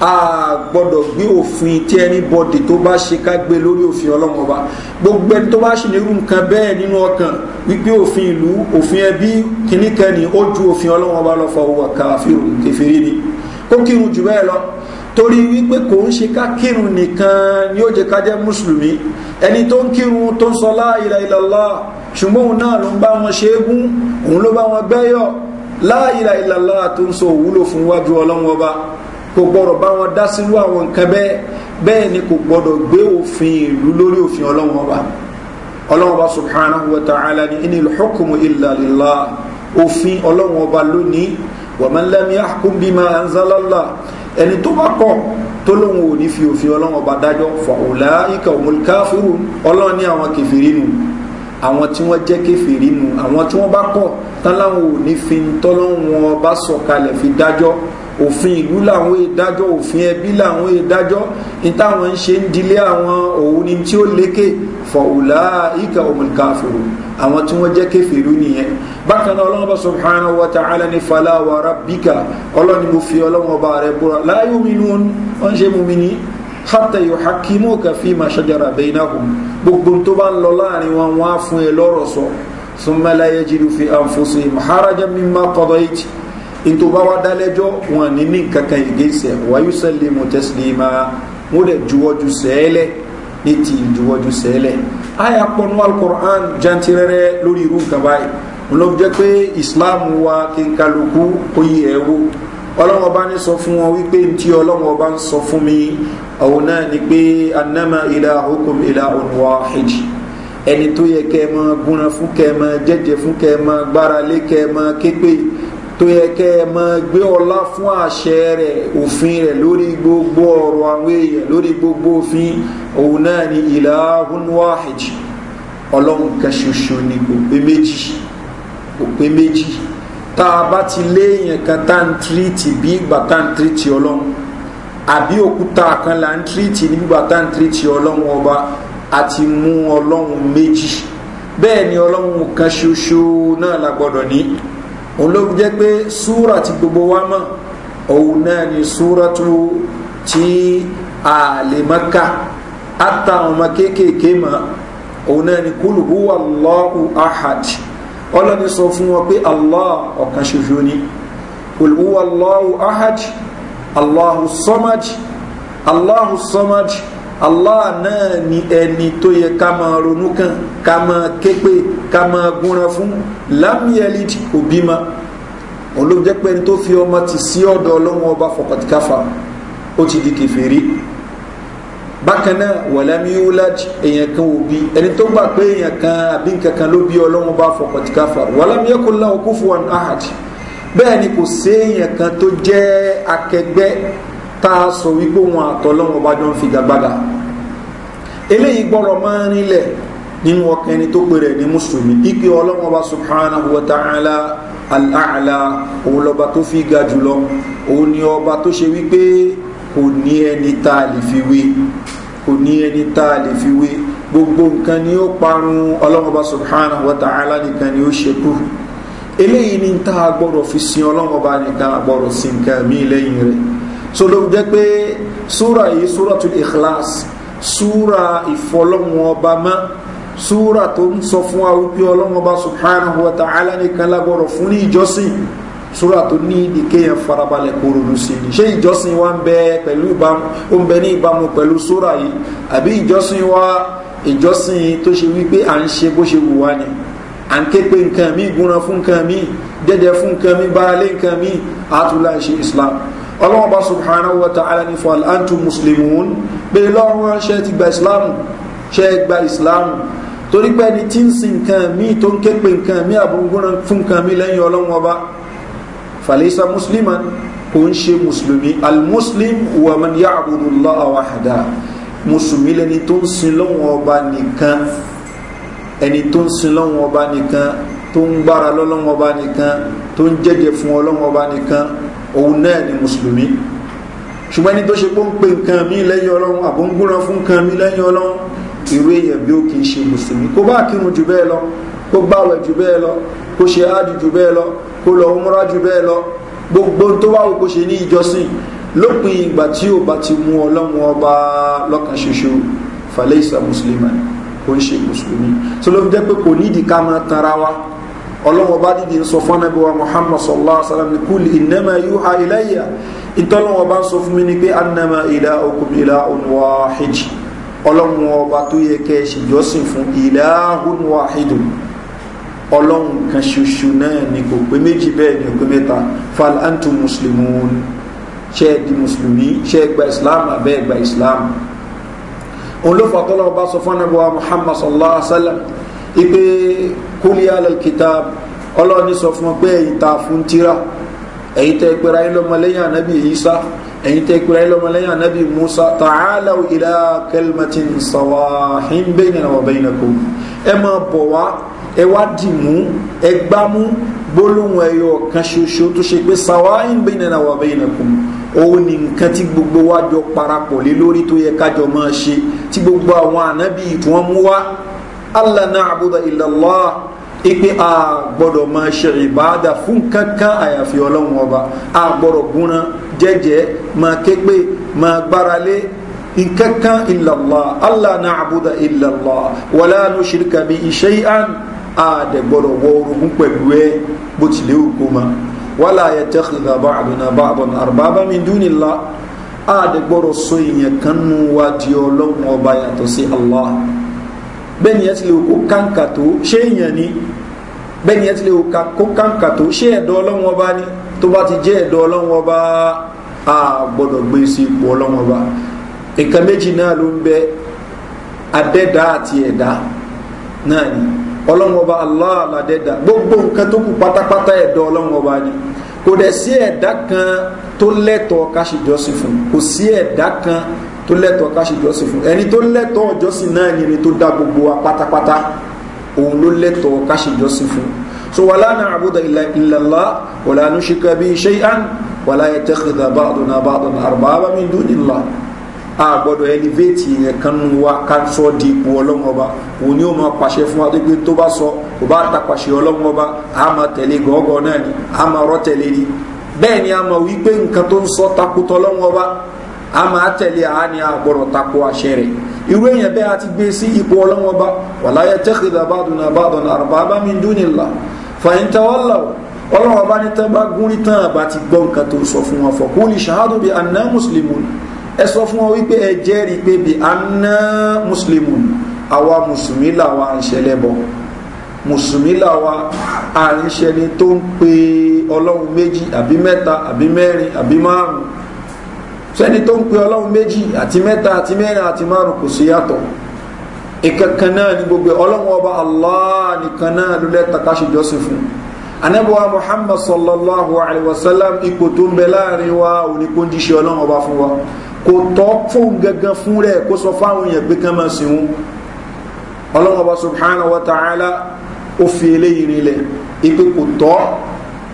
a gbọ́dọ̀ gbé òfin tí ẹni bọ́dì tó bá ṣe ká gbé lórí òfin ọlọ́mọba gbogbo ẹni tó bá ṣe nírú nǹkan bẹ́ẹ̀ nínú ọkàn wípé òfin ìlú òfin ẹbí kìnnìkanì ó ju òfin ọlọ́mọba lọ fọ owó kàfírù kẹfìrí ni kó kírun jù bẹ́ẹ̀ lọ torí wípé kò ń ṣe ká kírun nìkan ni ó jẹ ká jẹ́ mùsùlùmí ẹni tó ń kírun tó ń sọ láìra ìlàlá ṣùgbọ́n òun náà ló ń bá wọn ṣe é gún òun ló bá wọn gbẹ́yọ̀ láìra ìlàlá tó ń sọ òwúlò fún wájú ọlọ́wọ́n ọba kò gbọ́dọ̀ bá wọn dá sírú àwọn nǹkan bẹ́ẹ̀ bẹ́ẹ̀ ni kò gbọ́dọ̀ gbé òfin ìlú lórí òfin ọlọ́wọ́n ọba ọlọ́wọ́n ọba subhanahu wa ta'ala ni inil hukumu illa lillah òfin ọlọ́wọ́n ọba lónìí wa man lam yahkum bima anzalalla ẹni tó bá kọ̀ tó lóun ò ní fi òfin ọlọ́wọ́n ọba dájọ́ fa ulaika humul kafirun ọlọ́run àwọn kẹfìrí nù àwọn tí wọ́n jẹ́ kẹfìrí nù àwọn tí wọ́n bá kọ̀ tán ò ní fi tọ́lọ́wọ́n ọba sọ̀kalẹ̀ fi dájọ́ òfin ìlú làwọn ìdájọ́ òfin ẹbí làwọn ìdájọ́ ní táwọn ń ṣe ń dilé àwọn òun ni tí ó lékè fọ̀ọ̀lá ìkà òmìnkà fèrò àwọn tí wọ́n jẹ́ kéfèrú nìyẹn bákan náà ọlọ́run bá subhanahu wa ta'ala ní falawa rabbika ọlọ́run ni mo fi ọlọ́run ọba rẹ̀ búra láyé omi ni wọ́n ṣe mú mi ní hata yóò hakimu kàfi ma ṣajara bẹ́ẹ̀nahùn gbogbo tó bá ń lọ láàrin wọn wọn á fún ẹ lọ́rọ̀ sọ súnmọ́ láyé jìrì fi àǹfọ̀sọ yìí nítorí bá wá dálẹ́jọ́ wọn ní ní kankan ìgbésẹ̀ wáyú sẹ́lẹ̀ mọ̀ tẹ́sílẹ̀mà wọ́n dẹ̀ juwọ́jú sẹ́ẹ̀lẹ̀ ní ti juwọ́jú sẹ́ẹ̀lẹ̀ àyà pọnú alukur'an jantirẹrẹ lórí irú nǹkan báyìí wọn lọ jẹ pé islam wa kí n kálukú ó yẹ ẹ wo ọlọ́wọ́ bá ní sọ fún wọn wípé tí ọlọ́wọ́ bá ń sọ fún mi àwọn náà ni pé anama ilà hukum ilà onwa hejì ẹni tó yẹ kẹ́ ẹ máa gúnra fún kẹ́ ẹ máa jẹ́jẹ́ fún kẹ́ ẹ máa gbára lé kẹ́ ẹ máa ké pé tó yẹ kẹ́ ẹ mọ gbé ọlá fún àṣẹ rẹ̀ òfin rẹ̀ lórí gbogbo ọ̀rọ̀ àwọn èèyàn lórí gbogbo òfin òun náà ni ìlàhùn wáhìjì ọlọ́run kan ṣoṣo ni kò pé méjì kò pé méjì tá a bá ti léèyàn kan tá n tiriti bí ìgbà tá n tiriti ọlọ́run àbí òkúta kan là ń tiriti ní ìgbà tá n tiriti ọlọ́run ọba àti mú ọlọ́run méjì bẹ́ẹ̀ ni ọlọ́run kan náà la gbọ́dọ̀ ní òun ló jẹ́ pé súra ti gbogbo wa mọ̀ òun náà ni súra tó ti àlè maka àtàwọn ọmọ kéékèèké mọ̀ òun náà ni kúlùbù wà lọ́hùn ahad ọlọ́ni sọ fún wọn pé allah ọ̀kan ṣoṣo ni kúlùbù wà lọ́hùn ahad allahu samad allahu samad allah náà ni ẹni tó yẹ ká máa ronú kan ká máa képe ká máa gúnra fún lámìẹ́lì kò bímọ òun ló jẹ́ pé ẹni tó fi ọmọ ti sí ọ̀dọ̀ ọlọ́run ọba fọkàtìkáfà ó ti di kẹfìrí bákan náà wàlámíúláj èèyàn kan ò bí ẹni tó gbà pé èèyàn kan àbí nǹkan kan ló bí ọlọ́run ọba fọkàtìkáfà wàlámíẹ́kọ̀ọ́lá òkúfọ̀ ahad bẹ́ẹ̀ ni kò sí kan tó jẹ́ akẹgbẹ́ tá a sọ wípé wọn àtọ́lọ́wọ́n bá jọ ń figagbága eléyìí gbọ́rọ̀ máa ń rinlẹ̀ nínú ọkàn ẹni tó pèrè ní mùsùlùmí ike ọlọ́wọ́n bá subhanahu wa ta'ala al-a'la òun lọ́ba tó fi ga jùlọ òun ni ọba tó ṣe wípé kò ní ẹni tá a lè fi wé kò ní ẹni tá a lè fi wé gbogbo nǹkan ni ó parun ọlọ́wọ́n bá subhanahu wa nìkan ni ó ṣekú eléyìí ni tá a gbọ́dọ̀ fi sin ọlọ́wọ́n bá nìkan a sin nǹkan mí lẹ́yìn rẹ̀ so ló jẹ́ pé súra yìí súra tún ikhlas súra ìfọlọ́wọ́n ọba mọ́ súra tó ń sọ fún wa wípé ọlọ́wọ́n ọba subhanahu wa ta'ala nìkan lágbọ́rọ̀ fún ní ìjọsìn súra tó ní ìkéyàn farabalẹ̀ kóronú sí ni ṣé ìjọsìn wa ń bẹ pẹ̀lú ìbámu ó ń bẹ ní ìbámu pẹ̀lú súra yìí àbí ìjọsìn wa ìjọsìn tó ṣe wípé à ń ṣe bó ṣe wù wá ni à ń ké pé nǹkan mi gúnra fún nǹkan mi dẹ́dẹ́ fún nǹkan mi báralé ọlọ́wọ́n bá subhanahu wa ta'ala ní fún al'antu muslimun pé lọ́wọ́n ṣe ti gba islamu ṣe gba islamu torí pé ẹni tí ń sin nǹkan mí tó ń képe nǹkan mí àbúrúgbóná fún nǹkan mí lẹ́yìn ọlọ́wọ́n bá falisa musliman kò ń ṣe musulumi almuslim wa man ya abudu lọ́wọ́ wàhádà musulmi lẹni tó ń sin lọ́wọ́n ọba nìkan ẹni tó ń sin lọ́wọ́n ọba nìkan tó ń gbára lọ́wọ́n ọba nìkan tó ń jẹ́jẹ́ fún ọlọ́wọ́n ọba nìkan òun náà ni mùsùlùmí ṣùgbọ́n ní tó ṣe pé ń pe nǹkan mi lẹ́yìn ọlọ́run àbò ń gúnran fún nǹkan mi lẹ́yìn ọlọ́run ìwé èèyàn bí ó kì í ṣe mùsùlùmí kó bá kírun jù bẹ́ẹ̀ lọ kó gbàwẹ̀ jù bẹ́ẹ̀ lọ kó ṣe áàdì jù bẹ́ẹ̀ lọ kó lọ múra jù bẹ́ẹ̀ lọ gbogbo tó wáwo kó ṣe ní ìjọsìn lópin ìgbà tí ò bá ti mú ọlọ́run ọba lọ́kàn ṣoṣo falẹ́ ìsà mùsùlùmí kò ń ṣe mùsùlùmí tó ló ń jẹ́ pé kò nídìí ká máa tanra wa ọlọ́wọ́ bá dìde ń sọ fún anábíwá muhammad sallallahu alaihi wa sallam kúl ìnáma yúha iláyà ìtọ́lọ́wọ́ bá ń sọ fún mi ni pé anama ilá okùn ilá onwa hijj ọlọ́wọ́ ọba tó yẹ kẹ́ ṣe jọ́sìn fún ilá onwa hijj ọlọ́wọ́ kan ṣoṣo náà ni kò pé méjì bẹ́ẹ̀ ni kò mẹ́ta fal antu muslimun ṣe di mùsùlùmí ṣe gba islam abẹ́ gba islam òun ló fà tọ́lọ́wọ́ bá sọ fún anábíwá muhammad sallallahu alaihi wa ipe kúlí alẹ́kìtà ọlọ́ọ̀ni sọ fún ọ pé ẹ̀yìn ta fún tíra ẹ̀yìn tẹ́ pẹ́ra yín lọ́mọlẹ́yìn ànábì isa ẹ̀yìn tẹ́ pẹ́ra yín lọ́mọlẹ́yìn ànábì musa tààlà ìlà kẹlmatin sàwáhìn bẹ́yìn àwọn bẹ́yìn kò ẹ máa bọ̀ wá ẹ wá dì mú ẹ gbá mú gbólóhùn ẹyọ kan ṣoṣo tó ṣe pé sàwáhìn bẹ́yìn àwọn bẹ́yìn kò òun ni nǹkan tí gbogbo wa jọ parapọ̀ lé lórí tó yẹ kájọ máa ṣe tí gbogbo àwọn ànábì tí wọ́n mú wá allah náà àbúdá ìlàlá ipe a gbọdọ̀ máa ṣe ìbáadà fún kankan àyàfi ọlọ́run ọba a gbọdọ̀ gúnran jẹ́jẹ́ máa képe máa gbáralé nkankan ìlàlá allah náà àbúdá ìlàlá wàlá nu ṣìríkà bí iṣẹ́ àn a dẹ̀ gbọdọ̀ wọ orogún pẹ̀lú ẹ bó tilẹ̀ òkú ma wàlá ayẹ tẹ́kìlá bá àdùnnà bá àbọ̀n àrùbábá mi dúnilá a dẹ̀ gbọdọ̀ sọ ìyẹn kan nù di ọlọ́run ọba yàtọ̀ sí allah bẹ́ẹ̀ ni ẹ ti lè kó kàǹkà tó ṣé èèyàn ni bẹ́ẹ̀ ni ẹ ti lè kó kàǹkà tó ṣé ẹ̀dọ́ ọlọ́wọ́n ọba ni tó bá ti jẹ́ ẹ̀dọ́ ọlọ́wọ́n ọba a gbọ́dọ̀ gbé sí ipò ọlọ́wọ́n ọba nǹkan méjì náà ló ń bẹ adẹ́dá àti ẹ̀dá náà ni ọlọ́wọ́n ọba allah aládẹ́dá gbogbo nǹkan tó kù pátápátá ẹ̀dọ́ ọlọ́wọ́n ọba ni kò dẹ̀ sí ẹ̀dá kan tó lẹ́tọ̀ọ́ káṣíjọ́sìn fún kò sí ẹ̀dá kan tó lẹ́tọ̀ọ́ ká ṣe jọ́sìn fún ẹni tó lẹ́tọ̀ọ́ jọ́sìn náà ni ẹni tó dá gbogbo wa pátápátá òun ló lẹ́tọ̀ọ́ ká ṣe jọ́sìn fún so wà lánà àbúdà ìlàlá wà lánà ṣíkà bí ṣe án wà láyé tẹ́kìdà báàdùn àbáàdùn àrùbáàbá mi dún nílá a gbọ́dọ̀ ẹlẹ́fẹ̀tì yẹn kan wa ká sọ di ipò ọlọ́mọba òun ni ó máa pàṣẹ fún wa pé tó bá sọ kò bá ta pàṣẹ ọlọ́mọba a máa tẹ̀lé gọ́gọ́ náà ni a máa rọ́ ni bẹ́ẹ̀ ni a máa wí pé nǹkan tó ń sọ takùtọ̀ ọlọ́mọba a máa tẹ̀lé àání àgbọ̀rọ̀ tako àṣẹ rẹ̀ irú èèyàn bẹ́ẹ̀ a ti gbé sí ipò ọlọ́wọ́n bá wàláyé tẹ́kìlá bàdùn àbàdùn àrùbá bá mi dún nílà fàyíntàwọ́lá ọlọ́wọ́n bá ní tán bá gúnrí tán àbá ti gbọ́ nǹkan tó sọ fún wọn fọ̀kú ní ṣàhádù bí aná mùsùlùmùn ẹ sọ fún wọn wípé ẹ jẹ́rìí pé bí aná mùsùlùmùn àwa mùsùlùmí làwa à ń ṣẹlẹ̀ bọ̀ mùsùlùmí tó ń pe ọlọ́run méjì àbí mẹ́ta àbí mẹ́rin àbí márùn sẹ́ni tó ń pe ọlọ́run méjì àti mẹ́ta àti mẹ́rin àti márùn kò sí yàtọ̀ ìkankan náà ni gbogbo ọlọ́run ọba allah nìkan náà ló lẹ́ta ká ṣe jọ́sìn fún anábọ́wá muhammad sallallahu alayhi wa sallam ipò tó ń bẹ láàrin wa òní kó ń jíṣẹ́ ọlọ́run ọba fún wa kò tọ́ fún gangan fún rẹ̀ kó sọ fáwọn èèyàn pé kán máa sìn wọn ọlọ́run ọba subhanahu wa ta'ala ó fi eléyìí rinlẹ̀ ipe kò tọ́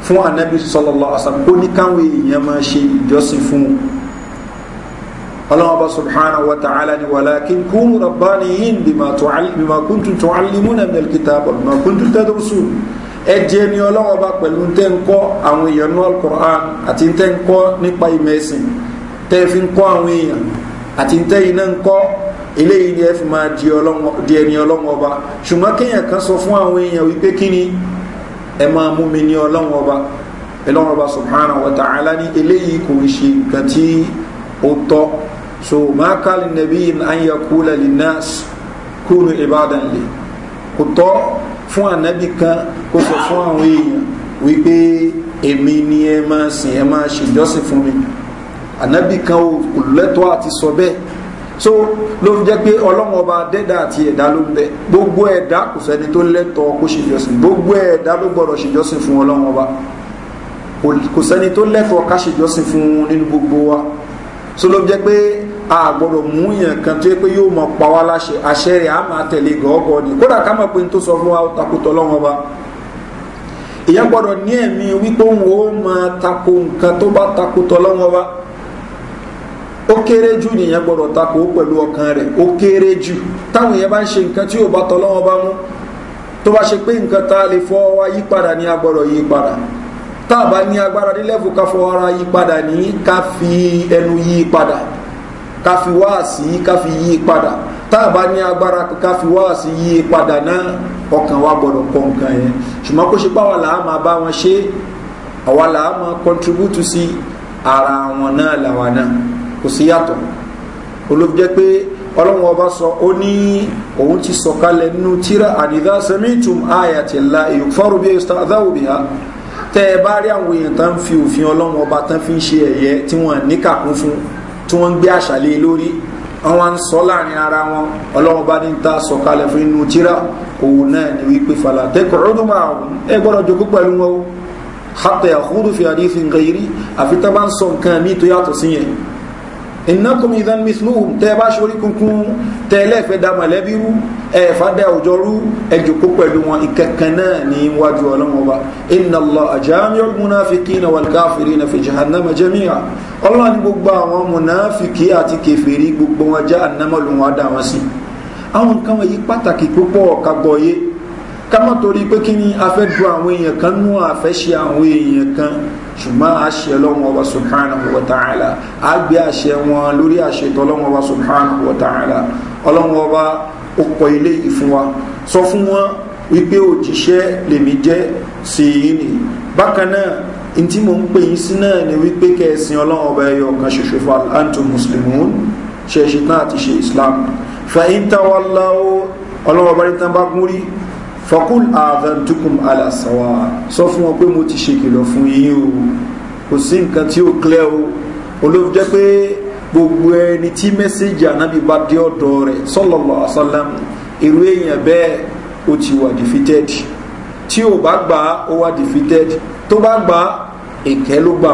fún anábì sallallahu alayhi wa sallam kó ní káwọn èèyàn máa ṣe ìjọ́sìn fún wọn ọlọ́wọ́n bá subhanahu wa ta'ala ni walakin kunu rabbaniyin bima kuntum tu'allimuna min al-kitab wa bima kuntum tadrusun ẹ jẹ́ ni ọlọ́wọ́n bá pẹ̀lú tẹ́ ń kọ́ àwọn èèyàn ní al-Qur'an àti tẹ́ ń kọ́ nípa ìmẹ̀sìn tẹ́ fi ń kọ́ àwọn èèyàn àti tẹ́ iná ń kọ́ eléyìí ni ẹ fi máa di ẹni ọlọ́wọ́n ọba ṣùgbọ́n kéèyàn kan sọ fún àwọn èèyàn wípé kí ni ẹ máa mú mi ní ọlọ́wọ́n ọba ọlọ́wọ́n ọba subhanahu wa ta'ala ni eléyìí kò ń ṣe nǹkan tí ó tọ́ so ma kala nabi an yakula linnas kunu ibadan li kò tọ́ fún ànábì kan kó sọ fún àwọn èèyàn wípé èmi ni ẹ máa sìn ẹ máa ṣèjọ́sìn fún mi ànábì kan ò lẹ́tọ́ àti sọ bẹ́ẹ̀ so ló fi jẹ́ pé ọlọ́run ọba dẹ́dà àti ẹ̀dá ló ń bẹ gbogbo ẹ̀dá kò sẹ́ni tó lẹ́tọ̀ọ́ kó ṣèjọ́sìn gbogbo ẹ̀dá ló gbọ́dọ̀ ṣèjọ́sìn fún ọlọ́run ọba kò sẹ́ni tó lẹ́tọ̀ọ́ ká ṣèjọ́sìn fún nínú gbogbo wa so ló jẹ́ pé a gbọ́dọ̀ mú yàn kan tó yẹ pé yóò mọ pa wá láṣẹ àṣẹ rẹ̀ máa ni kódà ká pé n tó sọ fún wa ó takòtọ́ lọ́wọ́ wa èyàn gbọ́dọ̀ ní wípé òun ó máa tako nǹkan tó bá takòtọ́ lọ́wọ́ wa ó kéré jù nìyẹn tako pẹ̀lú ọkàn rẹ̀ ó kéré jù táwọn èèyàn bá ń ṣe nǹkan tí ò bá tọ́ mú tó bá ṣe pé nǹkan tá a lè wa fi ẹnu yí padà ká fi wáàsí ká fi yí padà tá a bá ní agbára ká fi wáàsí yí padà náà ọkàn wa gbọdọ̀ kọ nǹkan yẹn ṣùgbọ́n kó ṣe báwa làá máa bá wọn ṣe àwa làá máa contribute sí ara wọn náà làwa náà kò sí yàtọ̀ olóbi jẹ́ pé ọlọ́run ọba sọ ó ní òun ti sọ̀kalẹ̀ nínú tíra àdìdá sẹ́mìtùm ayatollah èyí fọ́rọ̀ bí ẹ̀yọ́ adáwò bí ha tẹ́ ẹ bá rí àwọn èèyàn tán fi òfin ọlọ́run ọba tán fi ń ṣe ẹ̀yẹ tí wọ́n níkàkún fún un tí wọ́n ń gbé àṣàlẹ̀ lórí àwọn ń sọ láàrin ara wọn ọlọ́run bá ní ta sọ̀kalẹ̀ fún inú tíra òun náà ni wípé fàlà tẹ́kọ̀ ọdún máa ẹ gbọ́dọ̀ jogún pẹ̀lú wọn o hàtẹ̀ àkúrú fi àdífin gẹ̀yìrí àfi tá bá ń sọ nǹkan míì tó yàtọ̀ sí yẹn ìnákùnmí ìdán misluhum tẹ́ bá ṣorí kunkun tẹ́lẹ̀ fẹ́ da mọ̀lẹ́bí rú ẹ̀fà dá òjò rú ẹjòkó pẹ̀lú wọn ìkẹ̀kẹ̀ náà ní wájú ọlọ́mọba iná lọ àjámíọ́ múnáfikí na wàlkáfìrí na fìjì hannama jẹ́míà ọlọ́run ní gbogbo àwọn múnáfikí àti kẹfìrí gbogbo wọn já annama lù wọn dá wọn sí àwọn nǹkan wọ̀nyí pàtàkì púpọ̀ kagbọ̀ye ká má pé kí ni afẹ́ du àwọn èèyàn kan nú àfẹ́ ṣe àwọn èèyàn kan ṣùgbọ́n àṣẹ ọlọ́run ọba subhanahu wa ta'ala á gbé àṣẹ wọn lórí àṣẹ tọ́lọ́run ọba subhanahu wa ta'ala ọlọ́run ọba ó kọ ilé yìí fún wa sọ fún wọn wípé òjíṣẹ́ lèmi jẹ́ sí i ni bákan náà n tí mo ń pè yín sí náà ni wípé kẹsìn ọlọ́run ọba ẹyọ kan ṣoṣo fún antum muslimun ṣe ṣe tán àti ṣe islam fa ọlọ́run ọba ní tán bá gún fakul adantukum ala sawa sọ fún wọn pé mo ti ṣe kìlọ̀ fún yín o kò sí nǹkan tí ó clear o olóòfin jẹ́ pé gbogbo ẹni tí mẹ́sẹ̀gì ànábì bá dé ọ̀dọ̀ rẹ̀ sọlọ́lọ́ àṣálàm irú èèyàn bẹ́ẹ̀ ó ti wà defeated tí ò bá gbà ó wà defeated tó bá gbà èkẹ́ ló gbà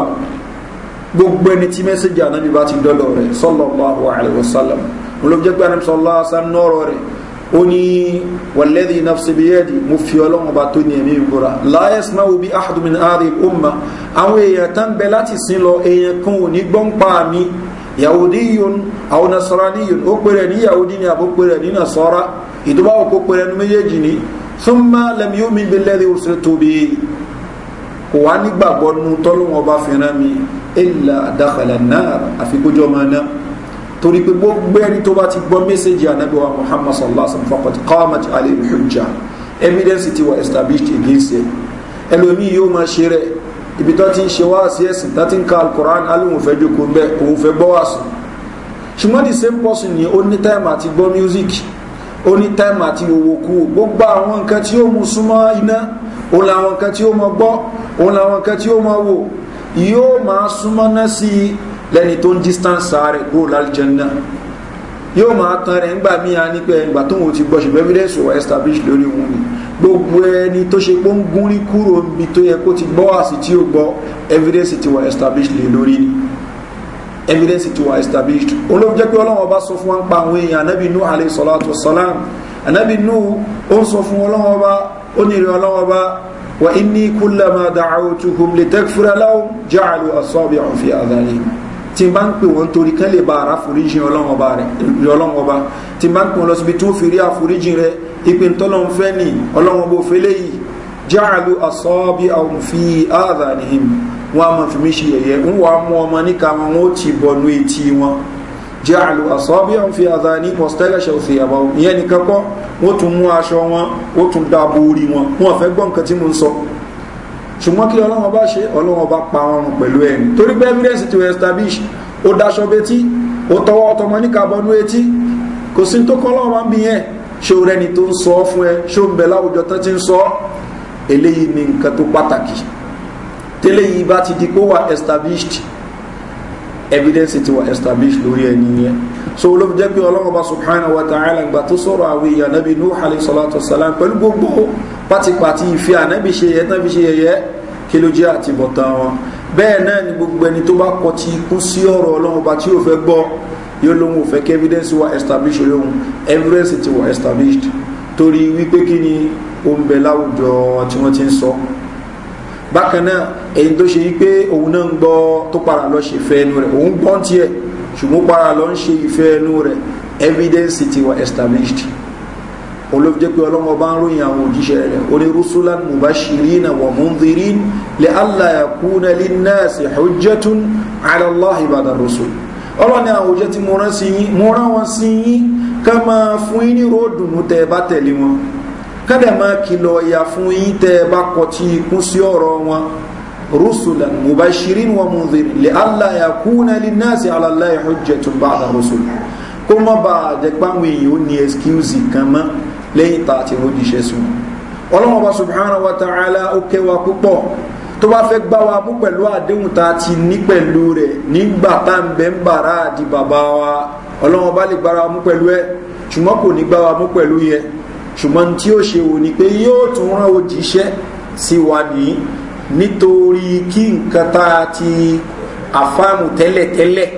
gbogbo ẹni tí mẹ́sẹ̀gì ànábì bá ti dọ́lọ̀ rẹ̀ sọlọ́lọ́ àwọn àlẹ́ wàṣálàm olóòfin jẹ́ pé ànábì sọlọ́ àṣálàm náà rọ̀ ó ní wàlẹ́dì nafsibiyẹ́dì mo fi ọlọ́run ọba tó ní ẹ̀mí ìgbòra láyẹ̀sì máa wo bí ahadumin ari umma àwọn èèyàn tán bẹ láti sin lọ èèyàn kan ò ní gbọ́npa mi yahudi yun àwọn nasara ni yun ó pèrè ní yahudi ni àbó pèrè ní nasara ìdúbà òkú pèrè ní méjèèjì ni súnmọ́ lẹ́mi yóò mi bí lẹ́dì òsè tóbi kò wá nígbàgbọ́ nu tọ́lọ́run fìràn mi ìlà dàkàlà náà àfikójọ́ máa náà torí pé gbogbo ẹni tó bá ti gbọ́ mẹ́sẹ̀gì anábíwá muhammad sallallahu alaihi wa sallam qamat alayhi hujja evidence ti wà established against ẹ ẹlòmíì yóò máa ṣe rẹ ibi tó ti ń ṣe wá sí ẹsìn tó ti ń ka alukoran alóhùn fẹ́ jókòó ń bẹ́ òun fẹ́ gbọ́ wá sùn ṣùgbọ́n the same person ni ó ní time àti gbọ́ music ó ní time àti owó kú gbogbo àwọn nǹkan tí ó mu súnmọ́ iná òun làwọn nǹkan tí ó mọ gbọ́ òun làwọn nǹkan tí ó mọ wò yóò máa súnmọ́ náà sí i lẹ́ni tó ń distance rẹ̀ kúrò lálìjẹ́ndà yóò máa tan rẹ̀ ńgbà míì á ní pé ẹ̀ǹgbà tó wọn ti gbọ́ ṣùgbọ́n evidence were established lórí òun ni gbogbo ẹni tó ṣe pé ń gúnrí kúrò níbi tó yẹ kó ti gbọ́ àsì tí ó gbọ́ evidence ti were established lé lórí ni evidence ti were established òun jẹ́ pé ọlọ́run ọba sọ fún wa ń pa àwọn èèyàn anábì nú alayhi salatu salam anábì nú ó ń sọ fún ọlọ́run ọba ó ní ìrìn ọlọ́run ọba wa inni kullama da'awtuhum litakfura lahum ja'alu asabi'ahum fi adhanihim tí n bá ń pè wọ́n torí kán lè ba ara foríjìn ọlọ́wọ́n ọba rẹ̀ ọlọ́wọ́n ọba tí n bá ń pè wọ́n lọ síbi tó fi rí àforíjìn rẹ̀ ìpè ntọ́lọ́wọ́n fẹ́ ni ọlọ́wọ́n bó fẹ́ léyìí jáàlú asọ́ọ́bí àwọn fi áàdà nìyí wọn a máa fi mí ṣe yẹyẹ ń wàá mú ọmọ níka wọn ó ti bọ̀nu etí wọn jáàlú asọ́ọ́bí àwọn fi áàdà ní pọ̀stẹ́lẹ̀ṣẹ̀ òsè àbá ìyẹn nìkan kọ́ wọ́n tún mú aṣọ wọn ó tún dáàbò orí wọn wọn fẹ́ gbọ́ nǹkan tí mo ń sọ ṣùgbọ́n kí ọlọ́wọ́n bá ṣe ọlọ́wọ́n bá pa ọrùn pẹ̀lú ẹni torí pé evidence ti establish ó daṣọ betí ó tọwọ́ ọtọmọ ní kàbọnú etí kò sí tó kọ́ ọlọ́wọ́n bá ń bí yẹn ṣé o rẹni tó ń sọ ọ́ fún ẹ ṣé o ń bẹ láwùjọ tán ti ń sọ ọ́ eléyìí ni nǹkan tó pàtàkì tẹ́lẹ̀ yìí bá ti di pé ó wà established evidence ti wà established lórí ẹni yẹn so ló fi jẹ́ pé ọlọ́run bá subhanahu wa ta'ala gbà tó sọ̀rọ̀ àwọn èèyàn nábi nuh alayhi salatu wasalam pẹ̀lú gbogbo pátipàti ìfẹ́ ànábì ṣe yẹ tán fi ṣe yẹyẹ kí ló jẹ́ àti bọ̀tà wọn bẹ́ẹ̀ náà ni gbogbo ẹni tó bá kọ ti kú sí ọ̀rọ̀ ọlọ́run bá tí yóò fẹ́ gbọ́ yóò lóun ò fẹ́ kí evidence wa established lóhun evidence ti wa established torí wípé kí ni ó ń bẹ láwùjọ tí wọ́n ti bákan náà èyí tó ṣe yí pé òun náà ń gbọ́ tó padà lọ ṣèfẹ́ ẹnu rẹ̀ òun gbọ́n tiẹ̀ ṣùgbọ́n para lọ ń ṣe ìfẹ́ ẹnu rẹ̀ evidence ti wà established olóòjẹ́ pé ọlọ́mọ bá ń ròyìn àwọn òjíṣẹ́ rẹ̀ onírusulan mubashirina wa mundirin lè aláyàkúnà lè náà sí hujjatun aláàlá ìbàdàn rusul ọlọ́ni àwọn òjíṣẹ́ tí mo rán wọn sí yín ká máa fún yín ní ròdùnú tẹ bá tẹ̀lé wọn ká máa kìlọ̀ ọ̀yà fún yín tẹ bá kọtí ikú sí ọ̀rọ̀ wọn رسلا مبشرين ومنذرين لئلا يكون للناس على الله حجة بعد الرسل kó mọ́ bá a jẹ́ pé àwọn èèyàn ó ní ẹ́skíwùsì kan mọ́ lẹ́yìn tá a ti rò díṣẹ́ sùn ọlọ́wọ́n bá subhanahu wa ta'ala ó kẹwa púpọ̀ tó bá fẹ́ gbá wa mú pẹ̀lú àdéhùn tá a ti ní pẹ̀lú rẹ̀ nígbà tá à ń bẹ́ ń bàrá àdì bàbá wa ọlọ́wọ́n bá lè gbára mú pẹ̀lú ẹ ṣùgbọ́n kò ní gbá wa mú pẹ̀lú yẹ ṣùgbọ́n tí ó ṣe wò ni pé yóò tún rán òjíṣẹ́ sí wa nìyí nítorí kí nǹkan tá a ti àfáàmù tẹ́lẹ̀tẹ́lẹ̀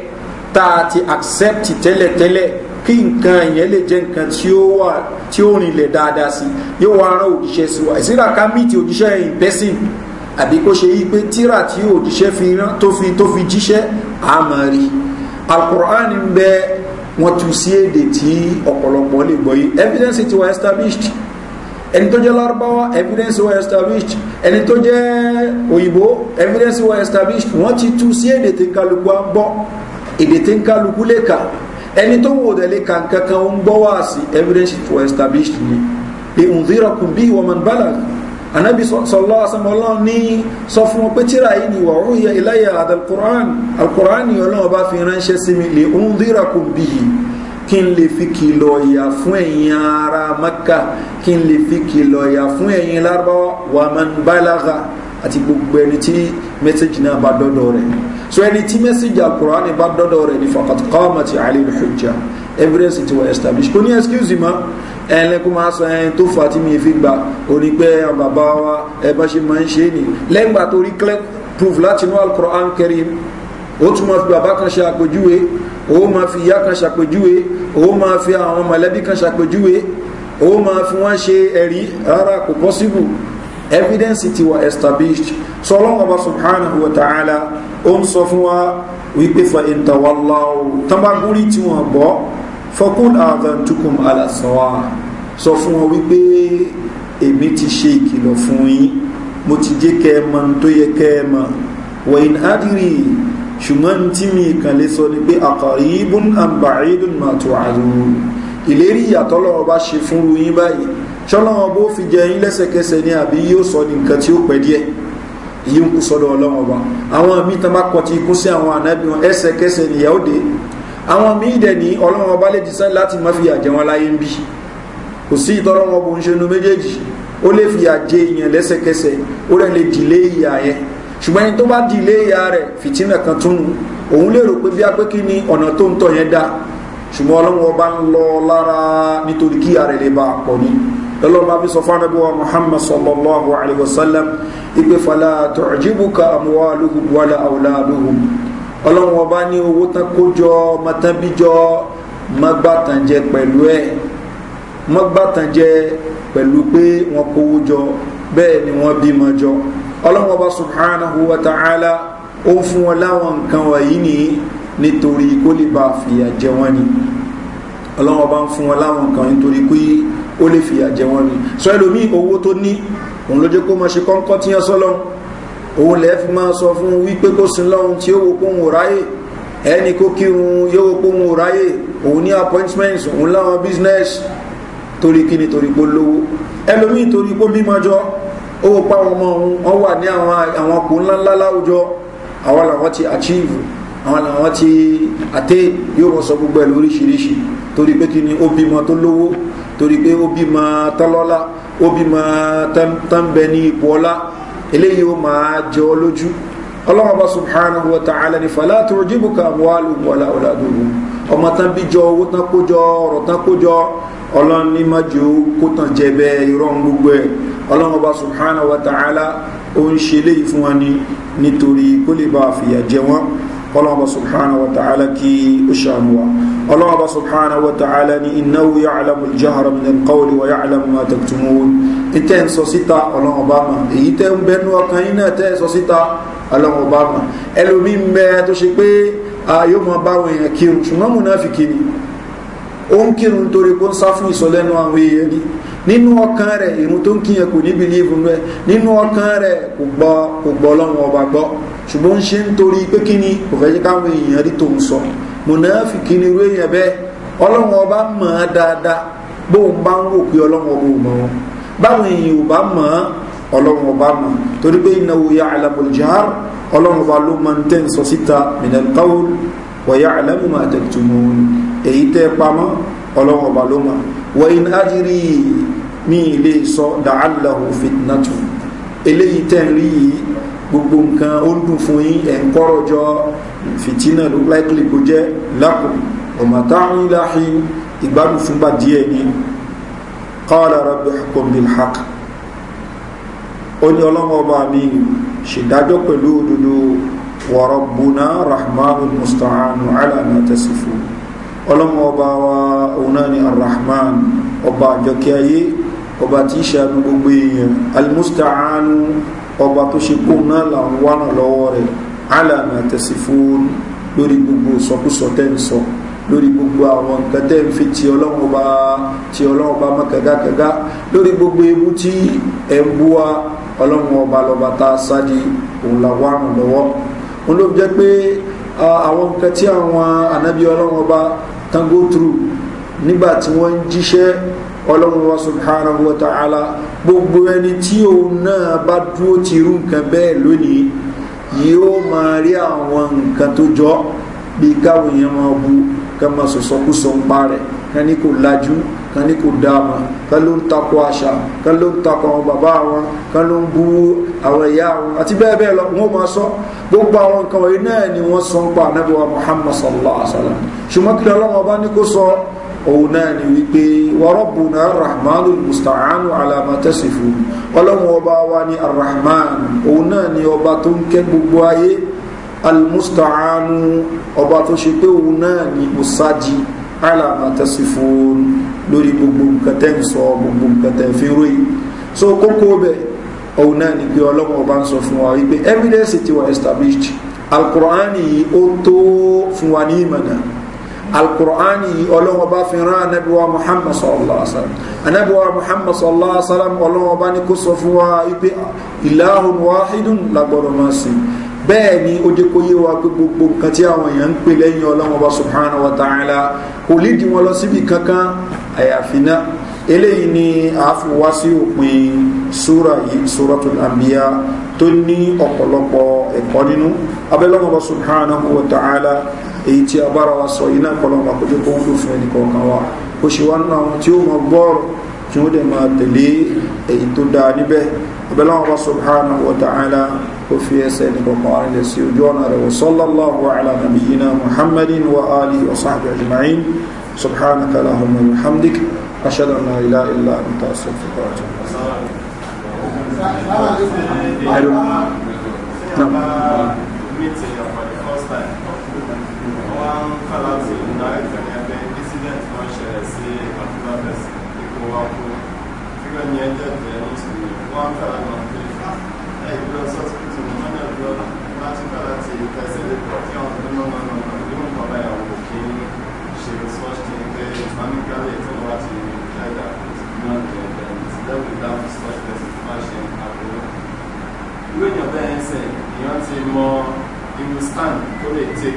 tá a ti accept tẹ́lẹ̀tẹ́lẹ̀ kí nǹkan yẹn lè jẹ́ nǹkan tí ó wà tí ó rinlẹ̀ dáadáa sí yóò wá rán òjíṣẹ́ sí wa ìsira ká mìtì òjíṣẹ́ in person àbí kó ṣe yí pé tíra tí òjíṣẹ́ fi rán tó fi tó fi jíṣẹ́ àmọ́ rí alukur'an ń bẹ wọn tu sí èdè tí ọ̀pọ̀lọpọ̀ lè gbọ́ yìí evidence ti wà established ẹni tó jẹ́ lárúbáwá evidence were established ẹni tó jẹ́ òyìnbó evidence were established wọ́n ti tú sí èdè tí ń kálukú á ń gbọ́ èdè tí ń kálukú lè kà ẹni tó wò dẹ̀ lè kà nǹkan ń gbọ́ wá sí evidence were established ni ìhùndírakùn bí ìwọ̀n mọ̀ bálàgì anabi sọlọ asamọlọ ní sọ fún wọn pé tíra yìí ni wà ó yẹ iláyà àdàlùkùránì alùkùránì ọlọ́wọ́ bá fi ránṣẹ́ sí mi lè ń dírà kò bìyì kí n lè fi kìlọ̀ ìyà fún ẹ̀yin ará maka kí n lè fi kìlọ̀ ìyà fún ẹ̀yin lárúbáwá wàmán bálága àti gbogbo ẹni tí mẹsẹ̀jì náà bá dọ́dọ̀ rẹ̀ so ẹni tí mẹsẹ̀jì àkùránì bá dọ́dọ̀ rẹ̀ ni fakat kọ́ọ̀mà ti àlè ìhùjà evidence ti wà establish kò ní excuse ma ẹlẹ́kùn máa sọ ẹni tó fà tí mi fi gbà onípẹ́ àbàbá wa ẹ ṣe máa ń ṣe é lẹ́gbàá torí clear proof látinú alukur'an kẹrin ó túmọ̀ fi bàbá kan ṣe àpèjúwe ó máa fi ìyá kan ṣàpèjúwe ó máa fi àwọn mọ̀lẹ́bí kan ṣàpèjúwe ó máa fi wọ́n ṣe ẹ̀rí rárá kò possible evidence ti wà established sọ ọlọ́wọ́n ọba subhanahu wa ta'ala ó ń sọ fún wa wípé fa ìtawàláwò tábàgúrí tí wọ́n bọ́ fọkún àdàntukùn alàsọ́wà sọ fún wọn wípé èmi ti ṣe ìkìlọ̀ fún yín mo ti jẹ́ kẹ́ tó yẹ kẹ́ wẹ̀yìn adìrì ṣùgbọ́n tí mi kàn lè sọ ni pé àkàríbùn àbàrídùn máa tó àrùn ìlérí ìyàtọ̀ lọ́wọ́ bá ṣe fún ruyin báyìí ṣọ́lọ́wọ́ bó fi jẹ yín lẹ́sẹ̀kẹsẹ̀ ni àbí yóò sọ ní nǹkan tí ó pẹ́ díẹ̀ èyí ń kú sọ́dọ̀ ọlọ́wọ́ bá àwọn míì tán bá kọtí ikú sí àwọn ànábì wọn ẹsẹ̀kẹsẹ̀ nìyàwó dé àwọn míì dẹ̀ ní ọlọ́wọ́ bá lè jísẹ́ láti má fi àjẹ wọn láyé ń bí kò sí ìtọ́lọ́wọ́ bó ń ṣe nu méjèèjì ó lè fi àjẹ èèyàn lẹ́sẹ̀kẹsẹ̀ ó rẹ̀ lè dìlé ìyà yẹn ṣùgbọ́n ẹni tó bá di ilé ìyá rẹ̀ fìtínà kan tún òun lè rò pé bí apẹ́ ni ọ̀nà tó ń tọ̀ yẹn dá ṣùgbọ́n ọlọ́run ọba ń lọ lára nítorí kí ìyá rẹ̀ lè bá a pọ̀ ni lọ́lọ́ bá fi sọ fún anábíwá muhammad sallallahu alayhi wa sallam ipe fala tọ̀jìbùkà amwaluhum wala awladuhum ọlọ́run ọba ní owó tán kójọ mọ́tàbíjọ mọ́gbàtànjẹ pẹ̀lú ẹ̀ mọ́gbàtànjẹ pẹ̀lú pé wọ́n kówó jọ bẹ́ẹ̀ ni wọ́n bímọ jọ ọlọ́wọ́ bá subhanahu wa ta'ala ó ń fún wọn láwọn nǹkan wọ̀nyí ni nítorí kó lè bá fìyà jẹ wọn ni ọlọ́wọ́ bá ń fún wọn láwọn nǹkan nítorí pé ó lè fìyà jẹ wọn ni sọ ẹlòmíì owó tó ní òun ló jẹ́ kó máa ṣe kọ́ńkọ́ tí yẹn sọ́lọ́ òun lẹ́ fi máa sọ fún wípé kó sin lọ́hun tí ó wo kó ń ráyè ẹni kó kírun yóò wo kó ń ráyè òun ní appointments òun láwọn business torí kí ni torí pé lówó ẹlòmíì torí pé bímọ jọ ó pa àwọn ọmọ òun wọ́n wà ní àwọn àwọn ọkùn ńláńlá láwùjọ àwọn làwọn ti achieve àwọn làwọn ti àtẹ yóò wọ́n sọ gbogbo ẹ̀ lóríṣiríṣi torí pé kí ni ó bímọ tó lówó torí pé ó bímọ tọ́lọ́lá ó bímọ tánbẹ ní ipò ọlá eléyìí ó máa jẹ ọ lójú ọlọ́wọ́n bá subhanahu wa ta'ala ni fàlá tó rọ̀jíbù ká wàhálù wàlá ọ̀làdùnú ọmọ tán bí jọ owó tán kó jọ ọ̀rọ̀ tán kó jọ ọlọ́run kó tàn jẹ bẹ́ẹ̀ irọ́ gbogbo ẹ̀ ọlọ́mọba subhanahu wa ta'ala ó ń ṣe léyìí fún wa ní nítorí kó lè bá fìyà jẹ wọn ọlọ́mọba subhanahu wa ta'ala kí ó ṣàánú wa ọlọ́mọba subhanahu wa ta'ala ní innahu ya'lamu al-jahra min al-qawli wa ya'lamu ma taktumun ìtẹ́ ń sọ síta ọlọ́mọba mà èyí tẹ́ ń bẹnu ọkàn yín náà tẹ́ ń sọ síta ọlọ́mọba mà ẹlòmí ń bẹ tó ṣe pé yóò mọ báwọn èèyàn kírun ṣùgbọ́n mùnáfìkì ni ó ń kírun torí kó ń sá fún ìsọlẹ́nu àwọn èèyàn ni nínú ọkàn rẹ̀ irun tó ń kíyàn kò ní bìlíìfù rẹ̀ nínú ọkàn rẹ̀ kò gbọ́ kò gbọ́ lọ́wọ́ ọba gbọ́ ṣùgbọ́n ṣe ń torí pé kí ni kò fẹ́ jẹ́ káwọn èèyàn rí tòun sọ mùnàfi kí ni irú èèyàn bẹ́ẹ̀ ọlọ́wọ́ ọba mọ̀ ọ́ dáadáa bóun bá ń wò pé ọlọ́wọ́ ọba ò mọ̀ wọn báwọn èèyàn ò bá mọ̀ ọ́ ọlọ́run ọba mọ̀ torí pé ìnáwó ya alamọ̀lìjáàr ọlọ́run ọba ló mi ilé sọ dàálàhù fitnatu eléyìí tẹ́ ń rí yìí gbogbo nǹkan ó dùn fún yín ẹ̀ ń kọ́rọ̀ jọ fìtínà ló láìpẹ́ kó jẹ́ lápò ọ̀mọ̀táhùn láhì ìgbádùn fúngbà díẹ̀ ni qala rabbi hukum bil ó ní ọlọ́mọ ọba mi ṣèdájọ́ pẹ̀lú òdodo wọ̀rọ̀bùnà rahmanu musta'anu alama tasifu ọlọ́mọ ọba wa òun náà ni arrahman ọba àjọkẹ́ ayé ọba tí í ṣàánú gbogbo èèyàn alimustaanu ọba tó ṣe kó náà là ń wá náà lọ́wọ́ rẹ̀ alàmì àtẹ̀sí fún lórí gbogbo sọkúsọ tẹ́ ń sọ lórí gbogbo àwọn nǹkan tẹ́ ń fi ti ọlọ́run ọba ti ọlọ́run ọba mọ́ kẹ́gákẹ́gá lórí gbogbo ewu tí ẹ̀ ń bú ọlọ́run ọba lọ́ba tá a sáde òun là wá ràn lọ́wọ́ òun ló jẹ́ pé àwọn nǹkan tí àwọn anábì ọlọ́run ọba tango through nígbà tí wọ́n ń jíṣẹ́ ọlọ́run wa subhanahu wa ta'ala gbogbo ẹni tí òun náà bá dúró ti irú nǹkan bẹ́ẹ̀ lónìí yóò máa rí àwọn nǹkan tó jọ bí káwọn èèyàn máa bu ká máa sọ̀sọ́kúsọ ń pa rẹ̀ ká ní kò lajú ká ní kò dáama ká ló ń takò àṣà ká ló ń takò àwọn bàbá wọn ká ló ń bu àwọn ìyá wọn àti bẹ́ẹ̀ bẹ́ẹ̀ lọ wọ́n máa sọ gbogbo àwọn nǹkan wọ̀nyí náà ni wọ́n sọ ń pa anábíwá muhammad sallallahu alaihi wa sallam ṣùgbọ́n kí lọ́wọ́ bá ní kó sọ òun náà ni wípé warabbuna rahmanu musta'anu alamatasifu ọlọ́run ọba wa ni arrahman òun náà ni ọba tó ń kẹ́ gbogbo ayé almusta'anu ọba tó ṣe pé òun náà ni musaji alamatasifu lórí gbogbo nǹkan tẹ́ ń sọ gbogbo nǹkan tẹ́ fi so kókó bẹ̀ òun náà ni pé ọlọ́run ọba ń sọ fún wa wípé evidence ti wà established alkur'ani ó tó fún wa ní ìmọ̀nà alukur'an yìí ọlọ́wọ́ bá fi rán anabiwa muhammad sallallahu alaihi wa sallam anabiwa muhammad sallallahu alaihi wa sallam ọlọ́wọ́ bá ní kó sọ fún wa ipe ìlàhùn wàhídùn lagbọ́dọ̀ máa sìn bẹ́ẹ̀ ni ó jẹ́ kó yé wa pé gbogbo nǹkan tí àwọn èèyàn ń pè lẹ́yìn ọlọ́wọ́ bá subhanahu wa ta'ala kò lídìí wọn lọ síbi kankan àyàfi náà eléyìí ni àáfin òpin súra yìí súratul anbiya tó ní ọ̀pọ̀lọpọ̀ ẹ̀kọ́ nínú abẹ́lọ́wọ́ subhanahu wa ta'ala èyí tí a bára wa sọ yìí náà kọlọ́mà kó jẹ́ kó wúlò fún ẹnì kọ̀ọ̀kan wa ó ṣe wá nínú àwọn tí ó mọ gbọ́ọ̀rọ̀ tí wọ́n dẹ̀ máa tẹ̀lé èyí tó dáa níbẹ̀ abẹ́láwọn wa subhana wa ta'ala ó fi ẹsẹ̀ ẹnì kọ̀ọ̀kan wa nílẹ̀ sí ojú ọ̀nà rẹ̀ wa sallallahu ala nabiyina muhammadin wa ali wa sahbihi ajma'in subhanaka allahumma hamdik ashhadu an la ilaha illa anta astaghfiruka wa atubu ilayk. Hello. No máa ń kà láti ìdarí ìfẹ̀yìn ẹgbẹ́ incident máa ń ṣẹlẹ̀ sí particular person ipò wa kú fígbà ní ẹjẹ́ ìjẹ́ ní ìṣòro wọ́n ń kà láti máa fi ẹ̀yìn lọ sọ́sìpìtì ní mọ́nà lọ láti kà láti tẹ̀sí lẹ́kọ̀ọ́ tí àwọn tó máa ń lọ ní wọn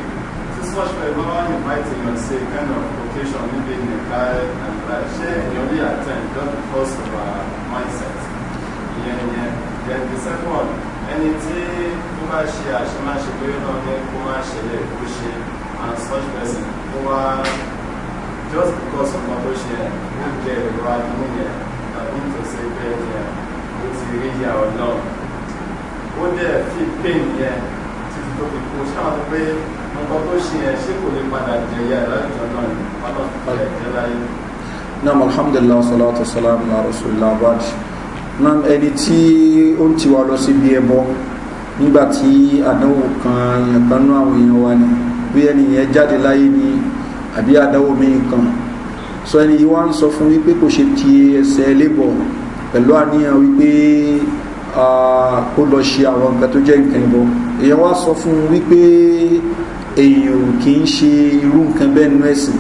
bàbá this much for everyone inviting on say kind of occasion, maybe in a car and like share you only attend just because of our mindset. Yeah, yeah. Then the second one, ẹni tí ó bá ṣe àṣemáṣe lórí náà ní kó má ṣe lè kó ṣe and such person ó wá just because ọmọ tó ṣe ẹ ó jẹ ìrora inú yẹn to say ṣe bẹ́ẹ̀ yẹn ó ti here or not. ó there, fi pain yẹn títí tó fi kú ṣáà pé nǹkan tó ṣe ẹ̀ ṣé kò lè padà jẹ ìyá ẹ̀ náà ni ọlọ́run ti jẹ ìjẹ́ láyé. naam alhamdulilah salatu salam ala rasulillah abad naam ẹni tí ó ń tiwa lọ síbi ẹbọ nígbà tí àdánwò kan yẹn kan nú àwọn èèyàn wa ni bí ẹni yẹn jáde láyé ni àbí àdánwò míì kan sọ ẹni yìí wá ń sọ fún wípé kò ṣe ti ẹsẹ̀ lébọ̀ pẹ̀lú àníyàn wípé kó lọ ṣe àwọn nǹkan tó jẹ́ nǹkan ìbọn èèyàn wá sọ fún wípé èèyàn ò kì í ṣe irú nǹkan bẹ́ẹ̀ nínú ẹ̀sìn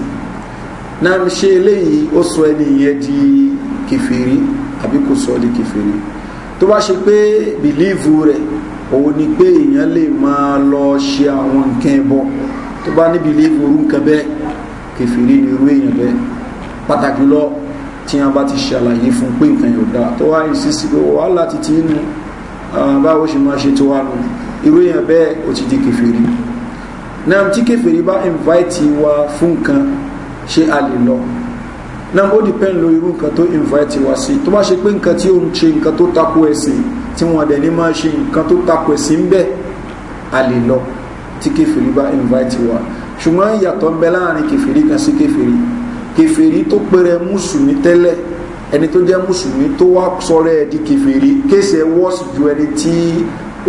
náà ń ṣe eléyìí ó sọ ẹni yẹn di kẹfìrí àbí kò sọ di kẹfìrí tó bá ṣe pé bìlíìfù rẹ̀ òun ni pé èèyàn lè máa lọ ṣe àwọn nǹkan ẹbọ tó bá ní bìlíìfù irú nǹkan bẹ́ẹ̀ kẹfìrí ni irú èèyàn bẹ́ẹ̀ pàtàkì lọ tí wọn bá ti ṣàlàyé fún pé nǹkan yóò dáa tó wá yìí sísí pé wàhálà ti ti nù báwo ṣe máa ṣe tó wà nù irú èèyàn bẹ́ẹ̀ ó ti di kẹfìrí náà tí kẹfìrí bá invite wa fún nǹkan ṣe a lè lọ náà ó depend lórí irú nǹkan tó invite wa sí tó bá ṣe pé nǹkan tí ó ń ṣe nǹkan tó tako ẹ̀sìn tí wọ́n dẹ̀ ní máa ṣe nǹkan tó tako ẹ̀sìn ń a lè lọ tí kẹfìrí bá invite wa ṣùgbọ́n ìyàtọ̀ ń bẹ láàrin kẹfìrí kan sí kẹfìrí kẹfìrí tó pẹrẹ mùsùlùmí tẹ́lẹ̀ ẹni tó jẹ́ mùsùlùmí tó wá sọ̀rọ̀ ẹ̀ di kẹfìrí kéṣe wọ́ọ̀sì ju ẹni tí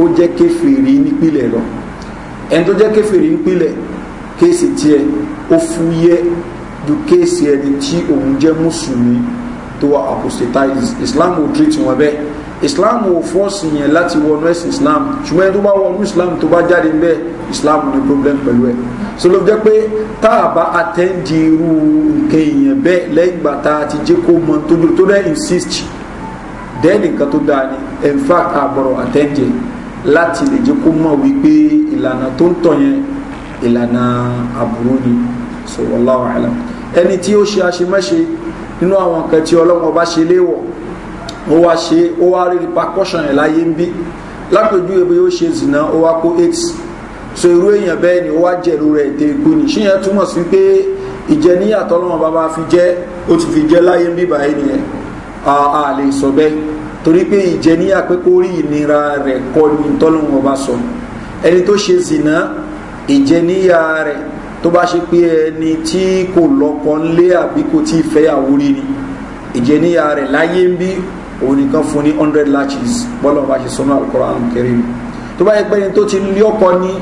ó jẹ́ kẹfìrí nípìnlẹ̀ lọ ẹni tó jẹ́ kẹfìrí ń pilẹ̀ kéèsì tiẹ̀ ó fúyẹ́ ju kéèsì ẹni tí òun jẹ́ mùsùlùmí tó wà apostatize islam ò treat wọn bẹ́ẹ̀ islam ò fọ́ọ̀sì yẹn láti wọnú ẹ̀sìn islam ṣùgbọ́n ẹni tó bá wọnú islam tó bá jáde ń bẹ́ islam ní problem pẹ̀lú ẹ̀ so ló jẹ́ pé tá a bá atẹ́ndì irú nǹkan èèyàn bẹ́ẹ̀ lẹ́yìn ìgbà tá a ti jẹ́ kó mọ tójú tó dẹ́ insist dẹ́ẹ̀ nìkan tó dáa ni in fact àbọ̀rọ̀ atẹ́ndì ẹ̀ láti lè jẹ́ kó mọ̀ wípé ìlànà tó ń tọ̀ yẹn ìlànà àbúrò ni sọ̀wọ́láwà àlà ẹni tí ó ṣe àṣemáṣe nínú àwọn nǹkan tí ọlọ́wọ́ bá ṣe léwọ̀ ó wá ṣe ó wá rí repercussion ẹ̀ láyé ń bí lápèjú ebi ó ṣe zìnà ó wá kó eight so irú èèyàn bẹ́ẹ̀ ni ó wá jẹ̀rú rẹ̀ ètè ikú ni ṣíyẹn túmọ̀ sí pé ìjẹniyàtọ̀ ọlọ́wọ́ bàbá fi jẹ́ ó ti fi jẹ́ láyé ń bí báyìí nìyẹn a lè sọ bẹ́ẹ̀ torí pé ìjẹníyà pé kó rí ìnira rẹ̀ kọ́ ní tọ́lọ́wọ́n bá sọ ẹni tó ṣe zìnà ìjẹníyà rẹ̀ tó bá ṣe pé ẹni tí kò lọ́kọ ńlé àbí kò tí ì fẹ́yàwó ni ìjẹníyà rẹ̀ láyé ń bí òun nìkan fún ní hundred lashes bọ́lá ọba ṣe sọ́nà alukoran kẹrin tó bá yẹ pé ẹni tó ti lé ọkọ ní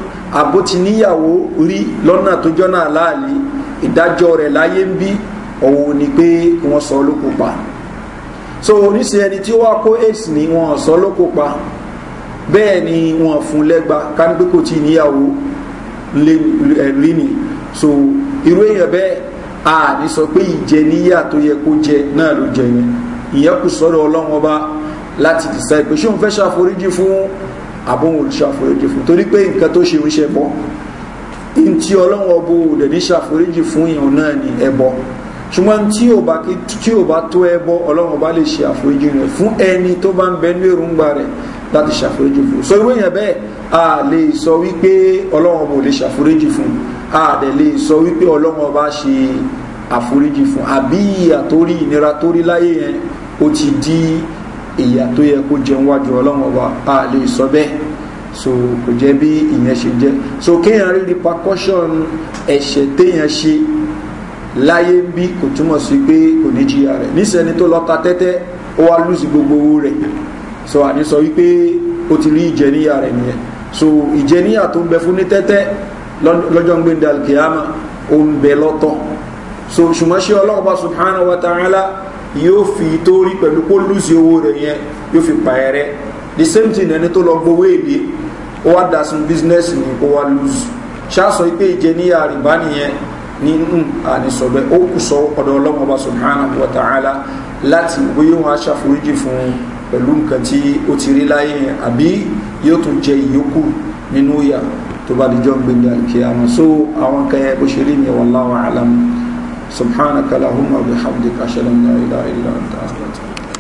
àbó ti níyàwó rí lọ́nà tó jọ́nà aláàlí ìdájọ́ rẹ̀ láyé ń bí òun ni pé wọ́n sọ olókùpa so oníṣẹ́ ẹni tí wọ́n kó aids ní wọn sọ ló kópa bẹ́ẹ̀ ni wọn fún lẹ́gba kánípé kò tí níyàwó rí ni so irú èèyàn bẹ́ẹ̀ a ní sọ pé ìjẹníyà tó yẹ kó jẹ náà ló jẹ yẹn ìyẹn kù sọ́dọ̀ ọlọ́run ọba láti decide pé ṣé òun fẹ́ ṣàforíjì fún àbóhùn olùṣàforíjì fún torí pé nǹkan tó ṣe ń ṣe bọ́ ntí ọlọ́run ọbọ̀ òdẹ̀ ní ṣàforíjì fún ìhùn náà ni ẹbọ ṣùgbọ́n tí ò bá kí tí ò bá tó ẹ bọ́ ọlọ́run bá lè ṣe àforíjì rẹ̀ fún ẹni tó bá ń bẹ ní èròǹgbà rẹ̀ láti ṣàforíjì fún un sọ ìwé yẹn bẹ́ẹ̀ a lè sọ wípé ọlọ́run bò lè ṣàforíjì fún un a dẹ̀ lè sọ wípé ọlọ́run bá ṣe àforíjì fún un àbí ìyà tó ìnira tó láyé yẹn ó ti di ìyà tó yẹ kó jẹun wájú ọlọ́run ọba a lè sọ bẹ́ẹ̀ so kò jẹ́ bí ìyẹn ṣe jẹ́ so kéèyàn rí repercussion ẹ̀ṣẹ̀ téèyàn láyé ń bí kò túmọ̀ sí pé kò ní jìyà rẹ̀ nísẹ̀ni tó lọ́ta tẹ́tẹ́ ó wá lùsì gbogbo owó rẹ̀ sọ àní sọ wípé ó ti rí ìjẹníyà rẹ̀ nìyẹn so ìjẹníyà tó ń bẹ fún ní tẹ́tẹ́ lọ́jọ́ gbé ní alkiyama ó ń bẹ lọ́tọ̀ so ṣùgbọ́n ṣé ọlọ́run bá subhanahu wa ta'ala yóò fi tó rí pẹ̀lú kó lùsì owó rẹ̀ yẹn yóò fi pa ẹ̀rẹ́ the same thing ẹni tó lọ gbowó èlé ó wá dà business ni ó wá lùsì ṣáà sọ wípé ìjẹníyà rìbá nìyẹn nínú ànisọ̀bẹ́ ó kù sọ ọ̀dọ̀ ọlọ́mọ bá subhanahu wa ta'ala láti bóyá wọn aṣàforíjì fún un pẹ̀lú nǹkan tí ó ti rí láyé yẹn àbí yóò tún jẹ ìyókù nínú ìyà tó bá dijọ́ so àwọn kan yẹn bó ṣe rí ni wallahu a'lam subhanaka lahumma bihamdika ashhadu an la ilaha illa anta